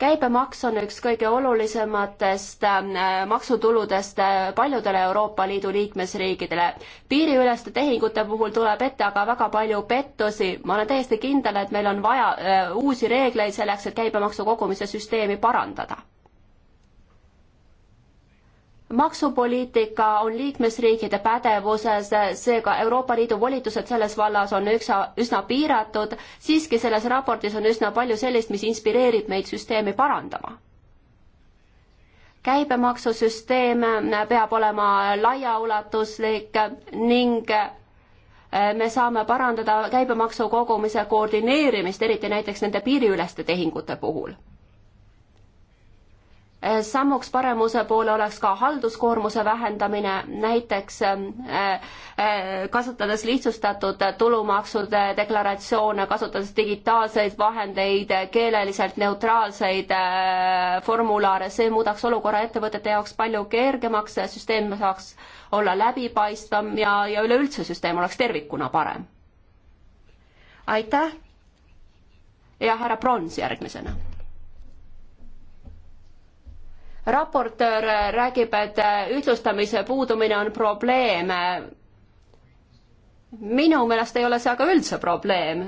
käibemaks on üks kõige olulisematest äh, maksutuludest äh, paljudele Euroopa Liidu liikmesriikidele. piiriüleste tehingute puhul tuleb ette aga väga palju pettusi. ma olen täiesti kindel, et meil on vaja äh, uusi reegleid selleks, et käibemaksu kogumise süsteemi parandada maksupoliitika on liikmesriikide pädevuses, seega Euroopa Liidu volitused selles vallas on üsna, üsna piiratud, siiski selles raportis on üsna palju sellist, mis inspireerib meid süsteemi parandama. käibemaksusüsteem peab olema laiaulatuslik ning eh, me saame parandada käibemaksu kogumise koordineerimist, eriti näiteks nende piiriüleste tehingute puhul Eh, sammuks paremuse poole oleks ka halduskoormuse vähendamine, näiteks eh, eh, kasutades lihtsustatud tulumaksude deklaratsioone, kasutades digitaalseid vahendeid, keeleliselt neutraalseid formulaare, see muudaks olukorra ettevõtete jaoks palju kergemaks, süsteem saaks olla läbipaistvam ja, ja üleüldse süsteem oleks tervikuna parem. aitäh ja härra Prons järgmisena raportöör räägib, et ühtlustamise puudumine on probleem. minu meelest ei ole see aga üldse probleem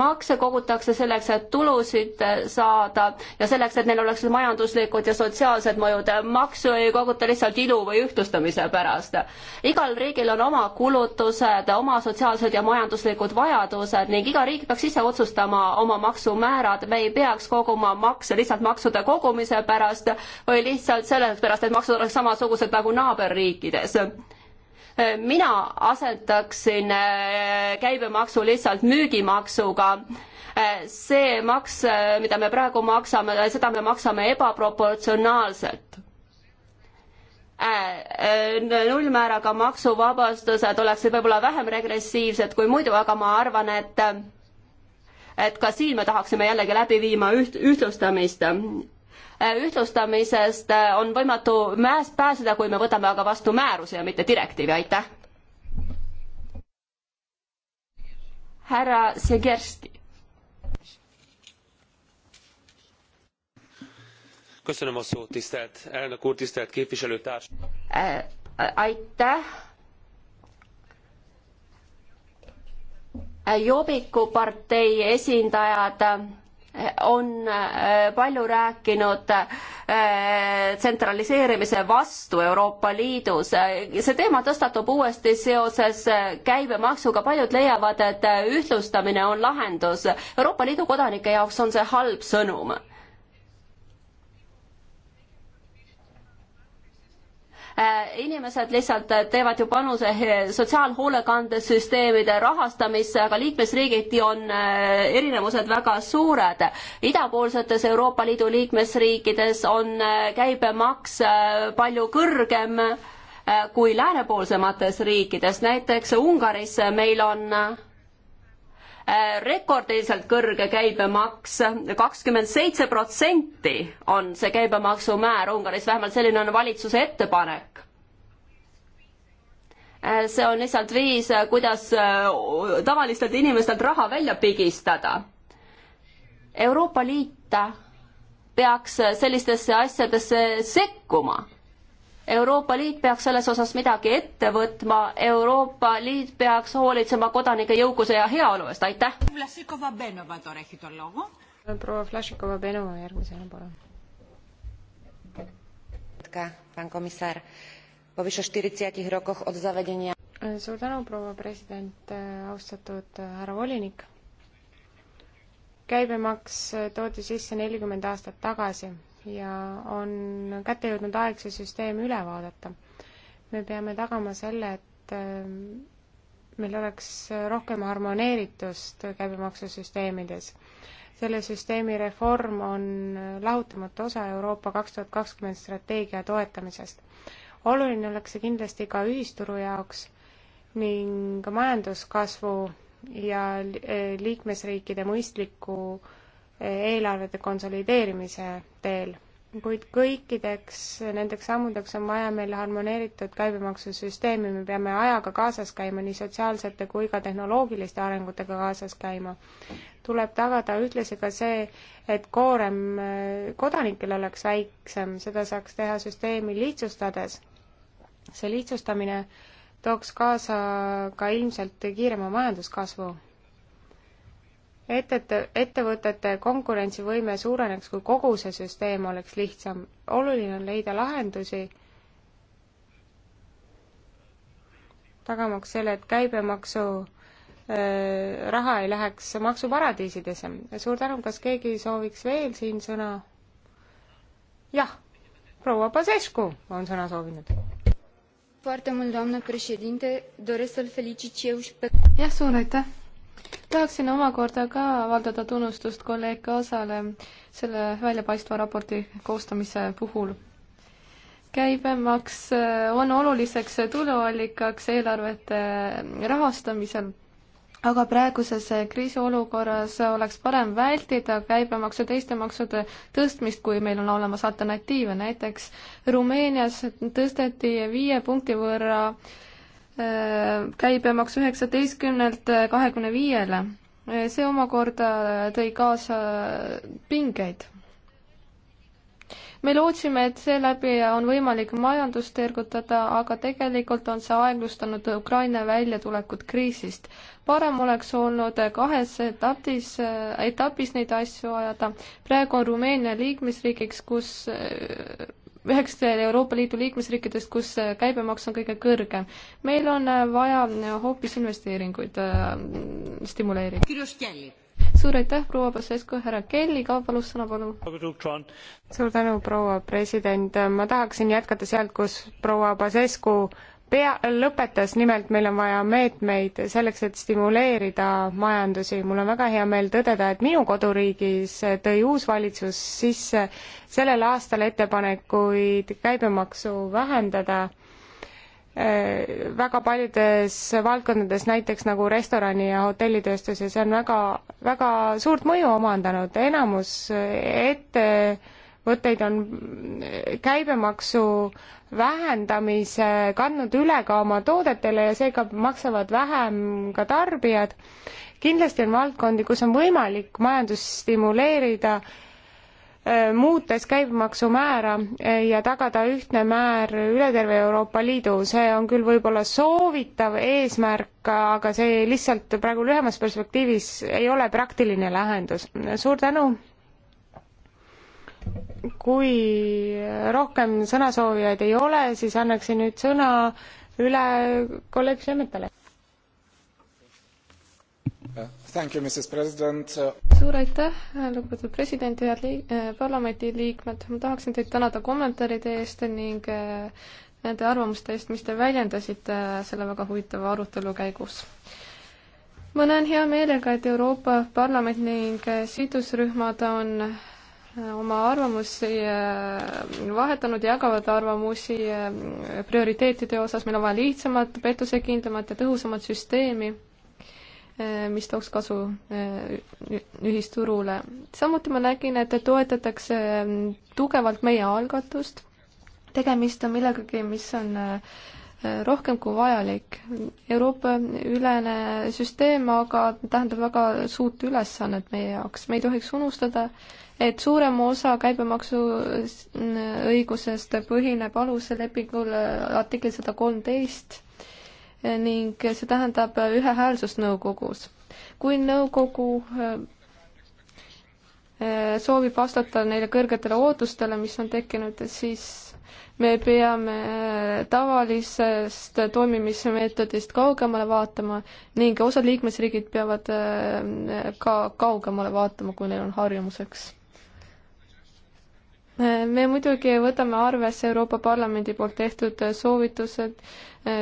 makse kogutakse selleks, et tulusid saada ja selleks, et neil oleks majanduslikud ja sotsiaalsed mõjud. maksu ei koguta lihtsalt ilu või ühtlustamise pärast. igal riigil on oma kulutused, oma sotsiaalsed ja majanduslikud vajadused ning iga riik peaks ise otsustama oma maksumäärad. me ei peaks koguma makse lihtsalt maksude kogumise pärast või lihtsalt sellepärast, et maksud oleks samasugused nagu naaberriikides mina asendaksin äh, käibemaksu lihtsalt müügimaksuga. Äh, see maks, äh, mida me praegu maksame, seda me maksame ebaproportsionaalselt nullmääraga maksuvabastused oleksid võib-olla vähem regressiivsed kui muidu, aga ma arvan, et et ka siin me tahaksime jällegi läbi viima üht, ühtlustamist Äh, ühtlustamisest äh, on võimatu mäest pääseda, kui me võtame aga vastu määruse ja mitte direktiivi, aitäh. härra Segerski. köszönöm a szót, tisztelt elnök úr, tisztelt képviselőtárs. Äh, aitäh. Jobiku partei esindajad on äh, palju rääkinud äh, tsentraliseerimise vastu Euroopa Liidus. see teema tõstatub uuesti seoses äh, käibemaksuga, paljud leiavad, et ühtlustamine on lahendus. Euroopa Liidu kodanike jaoks on see halb sõnum Äh, inimesed lihtsalt teevad ju panuse sotsiaalhoolekandesüsteemide rahastamisse, aga liikmesriigiti on äh, erinevused väga suured. idapoolsetes Euroopa Liidu liikmesriikides on äh, käibemaks palju kõrgem kui läänepoolsemates riikides, näiteks Ungaris meil on Äh, rekordiliselt kõrge käibemaks, kakskümmend seitse protsenti on see käibemaksumäär Ungaris, vähemalt selline on valitsuse ettepanek. Äh, see on lihtsalt viis, äh, kuidas tavalistelt inimestelt raha välja pigistada. Euroopa Liit peaks sellistesse asjadesse sekkuma Euroopa Liit peaks selles osas midagi ette võtma, Euroopa Liit peaks hoolitsema kodanike jõukuse ja heaolu eest, aitäh! proua Flašikova-Benova järgmisena, palun. suur tänu, proua president, austatud härra volinik. käibemaks toodi sisse nelikümmend aastat tagasi ja on kätte jõudnud aeg see süsteem üle vaadata. me peame tagama selle, et äh, meil oleks rohkem harmoneeritust käibemaksusüsteemides. selle süsteemi reform on lahutamatu osa Euroopa kaks tuhat kakskümmend strateegia toetamisest. oluline oleks see kindlasti ka ühisturu jaoks ning majanduskasvu ja äh, liikmesriikide mõistliku äh, eelarvete konsolideerimise teel, kuid kõikideks nendeks sammudeks on vaja meil harmoneeritud käibemaksusüsteemi, me peame ajaga kaasas käima, nii sotsiaalsete kui ka tehnoloogiliste arengutega kaasas käima. tuleb tagada ühtlasi ka see, et koorem eh, kodanikel oleks väiksem, seda saaks teha süsteemi lihtsustades. see lihtsustamine tooks kaasa ka ilmselt kiirema majanduskasvu ettete, ettevõtete konkurentsivõime suureneks, kui kogu see süsteem oleks lihtsam. oluline on leida lahendusi, tagamaks selle, et käibemaksu äh, raha ei läheks maksuparadiisidesse. suur tänu, kas keegi sooviks veel siin sõna? jah, proua Pasescu on sõna soovinud. jah, suur aitäh tahaksin omakorda ka avaldada tunnustust kolleeg Kaasale selle väljapaistva raporti koostamise puhul. käibemaks äh, on oluliseks tuluallikaks eelarvete rahastamisel aga praeguses äh, kriisiolukorras oleks parem vältida käibemaksu teiste maksude tõstmist, kui meil on olemas alternatiive, näiteks Rumeenias tõsteti viie punkti võrra äh, käibemaks üheksateistkümnelt kahekümne viiele. see omakorda tõi kaasa pingeid. me lootsime, et seeläbi on võimalik majandust ergutada, aga tegelikult on see aeglustanud Ukraina väljatulekut kriisist. parem oleks olnud kahes etapis, etapis neid asju ajada. praegu on Rumeenia liikmesriigiks, kus üheks Euroopa Liidu liikmesriikidest, kus äh, käibemaks on kõige kõrgem. meil on äh, vaja äh, hoopis investeeringuid stimuleerida. suur aitäh, proua Pasesko, härra Kelly ka palus sõna, palun. suur tänu, proua president, ma tahaksin jätkata sealt, kus proua Pasescu pea, lõpetas, nimelt meil on vaja meetmeid selleks, et stimuleerida majandusi. mul on väga hea meel tõdeda, et minu koduriigis tõi uus valitsus sisse sellel aastal ettepanekuid käibemaksu vähendada äh, väga paljudes valdkondades, näiteks nagu restorani ja hotellitööstus ja see on väga, väga suurt mõju omandanud, enamus ette ettevõtteid on käibemaksu vähendamise kandnud üle ka oma toodetele ja seega maksavad vähem ka tarbijad. kindlasti on valdkondi, kus on võimalik majandust stimuleerida, äh, muutes käibemaksumäära äh, ja tagada ühtne määr üle terve Euroopa Liidu, see on küll võib-olla soovitav eesmärk, aga see lihtsalt praegu lühemas perspektiivis ei ole praktiline lahendus. suur tänu kui rohkem sõnasoovijaid ei ole, siis annaksin nüüd sõna üle kolleeg Šemetale. suur aitäh, lugupeetud president, head liik-, eh, parlamendiliikmed, ma tahaksin teid tänada kommentaaride eest ning eh, nende arvamuste eest, mis te väljendasite selle väga huvitava arutelu käigus ma näen hea meelega, et Euroopa Parlament ning sidusrühmad on oma arvamusi äh, vahetanud, jagavad arvamusi äh, prioriteetide osas, meil on vaja lihtsamat, pettusekindlamat ja tõhusamat süsteemi, äh, mis tooks kasu ühisturule. samuti ma nägin, et toetatakse tugevalt meie algatust, tegemist on millegagi, mis on äh, rohkem kui vajalik. Euroopa ülene süsteem aga tähendab väga suurt ülesannet meie jaoks, me ei tohiks unustada, et suurem osa käibemaksu õigusest põhineb aluslepingul artikli sada kolmteist ning see tähendab ühehäälsust nõukogus. kui nõukogu eh, soovib vastata neile kõrgetele ootustele, mis on tekkinud, siis me peame äh, tavalisest toimimismeetodist kaugemale vaatama ning osad liikmesriigid peavad äh, ka kaugemale vaatama, kui neil on harjumuseks. Äh, me muidugi võtame arvesse Euroopa Parlamendi poolt tehtud soovitused,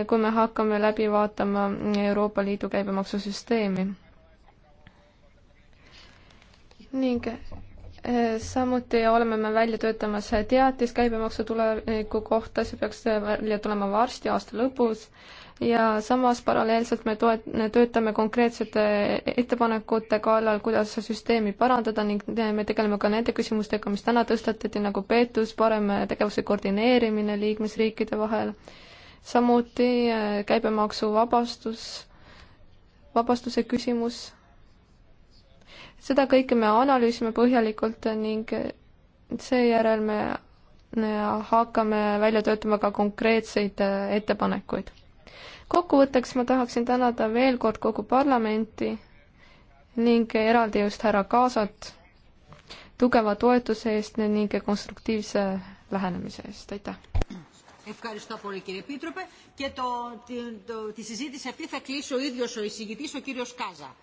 kui me hakkame läbi vaatama Euroopa Liidu käibemaksusüsteemi. ning samuti oleme me välja töötamas teatis käibemaksu tuleviku kohta, see peaks välja tulema varsti, aasta lõpus, ja samas paralleelselt me toet-, töötame konkreetsete ettepanekute kallal, kuidas süsteemi parandada ning me tegeleme ka nende küsimustega, mis täna tõstatati, nagu peetus, parem tegevuse koordineerimine liikmesriikide vahel, samuti käibemaksuvabastus, vabastuse küsimus seda kõike me analüüsime põhjalikult ning seejärel me hakkame välja töötama ka konkreetseid äh, ettepanekuid. kokkuvõtteks ma tahaksin tänada veel kord kogu parlamenti ning eraldi just härra Kaasat tugeva toetuse eest ning konstruktiivse lähenemise eest, aitäh! Ευχαριστώ πολύ κύριε Επίτροπε και το, τη, το, τη συζήτηση αυτή θα κλείσει ο ίδιος ο εισηγητής, ο κύριος Κάζα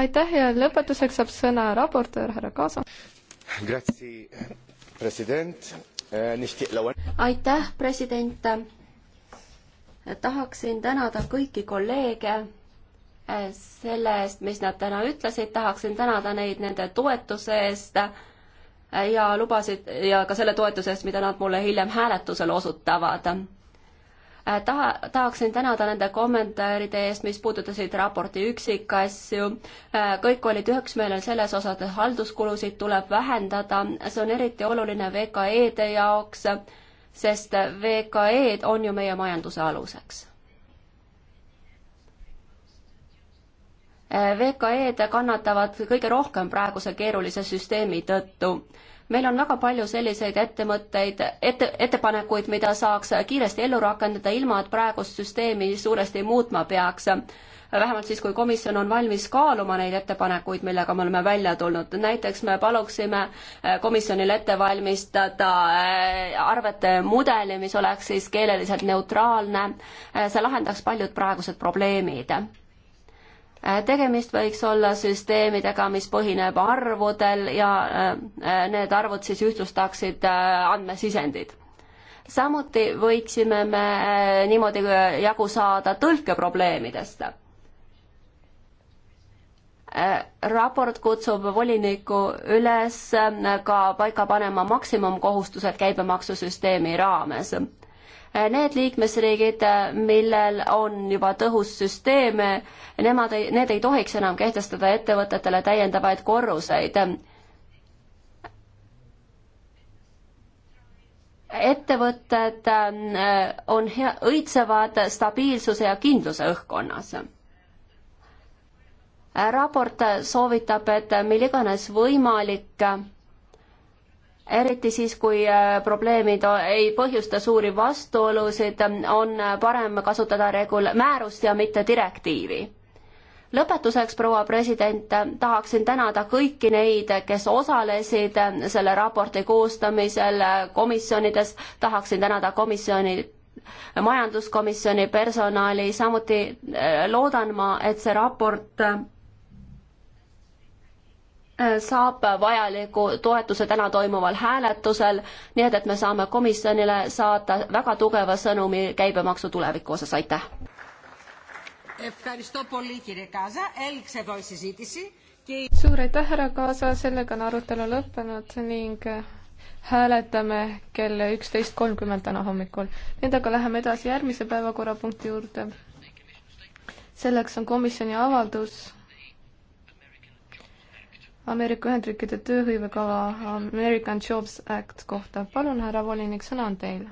aitäh ja lõpetuseks saab sõna raportöör härra Kaasa. Eh, aitäh, president. tahaksin tänada kõiki kolleege eh, selle eest, mis nad täna ütlesid, tahaksin tänada neid nende toetuse eest eh, ja lubasid ja ka selle toetuse eest, mida nad mulle hiljem hääletusel osutavad Äh, taha, tahaksin tänada nende kommentaaride eest, mis puudutasid raporti üksikasju. Äh, kõik olid üksmeelel selles osas, et halduskulusid tuleb vähendada, see on eriti oluline VKE-de jaoks, sest VKE-d on ju meie majanduse aluseks. Äh, VKE-d kannatavad kõige rohkem praeguse keerulise süsteemi tõttu meil on väga palju selliseid ettemõtteid, ette, ettepanekuid, mida saaks kiiresti ellu rakendada, ilma et praegust süsteemi suuresti muutma peaks. vähemalt siis, kui komisjon on valmis kaaluma neid ettepanekuid, millega me oleme välja tulnud. näiteks me paluksime eh, komisjonil ette valmistada eh, arvete mudeli, mis oleks siis keeleliselt neutraalne. Eh, see lahendaks paljud praegused probleemid Äh, tegemist võiks olla süsteemidega, mis põhineb arvudel ja äh, äh, need arvud siis ühtlustaksid andmesisendid. samuti võiksime me niimoodi jagu saada tõlkeprobleemidest raport kutsub volinikku üles ka paika panema maksimumkohustused käibemaksusüsteemi raames Need liikmesriigid, millel on juba tõhus süsteem, nemad ei, need ei tohiks enam kehtestada ettevõtetele täiendavaid korruseid. ettevõtted äh, on hea, õitsevad stabiilsuse ja kindluse õhkkonnas raport soovitab, et meil iganes võimalik eriti siis, kui äh, probleemid ei põhjusta suuri vastuolusid, on äh, parem kasutada regul-, määrust ja mitte direktiivi. lõpetuseks, proua president, tahaksin tänada kõiki neid, kes osalesid äh, selle raporti koostamisel komisjonides, tahaksin tänada komisjoni majanduskomisjoni personali, samuti loodan ma, et see raport Äh, saab vajaliku toetuse täna toimuval hääletusel, nii et, et me saame komisjonile saata väga tugeva sõnumi käibemaksu tuleviku osas, aitäh! suur aitäh, härra Kaasa, sellega on arutelu lõppenud ning äh, hääletame kell üksteist kolmkümmend täna hommikul. Nendega läheme edasi järgmise päevakorrapunkti juurde. selleks on komisjoni avaldus Ameerika Ühendriikide tööhõivekava American Jobs Act kohta. palun, härra volinik, sõna on teil.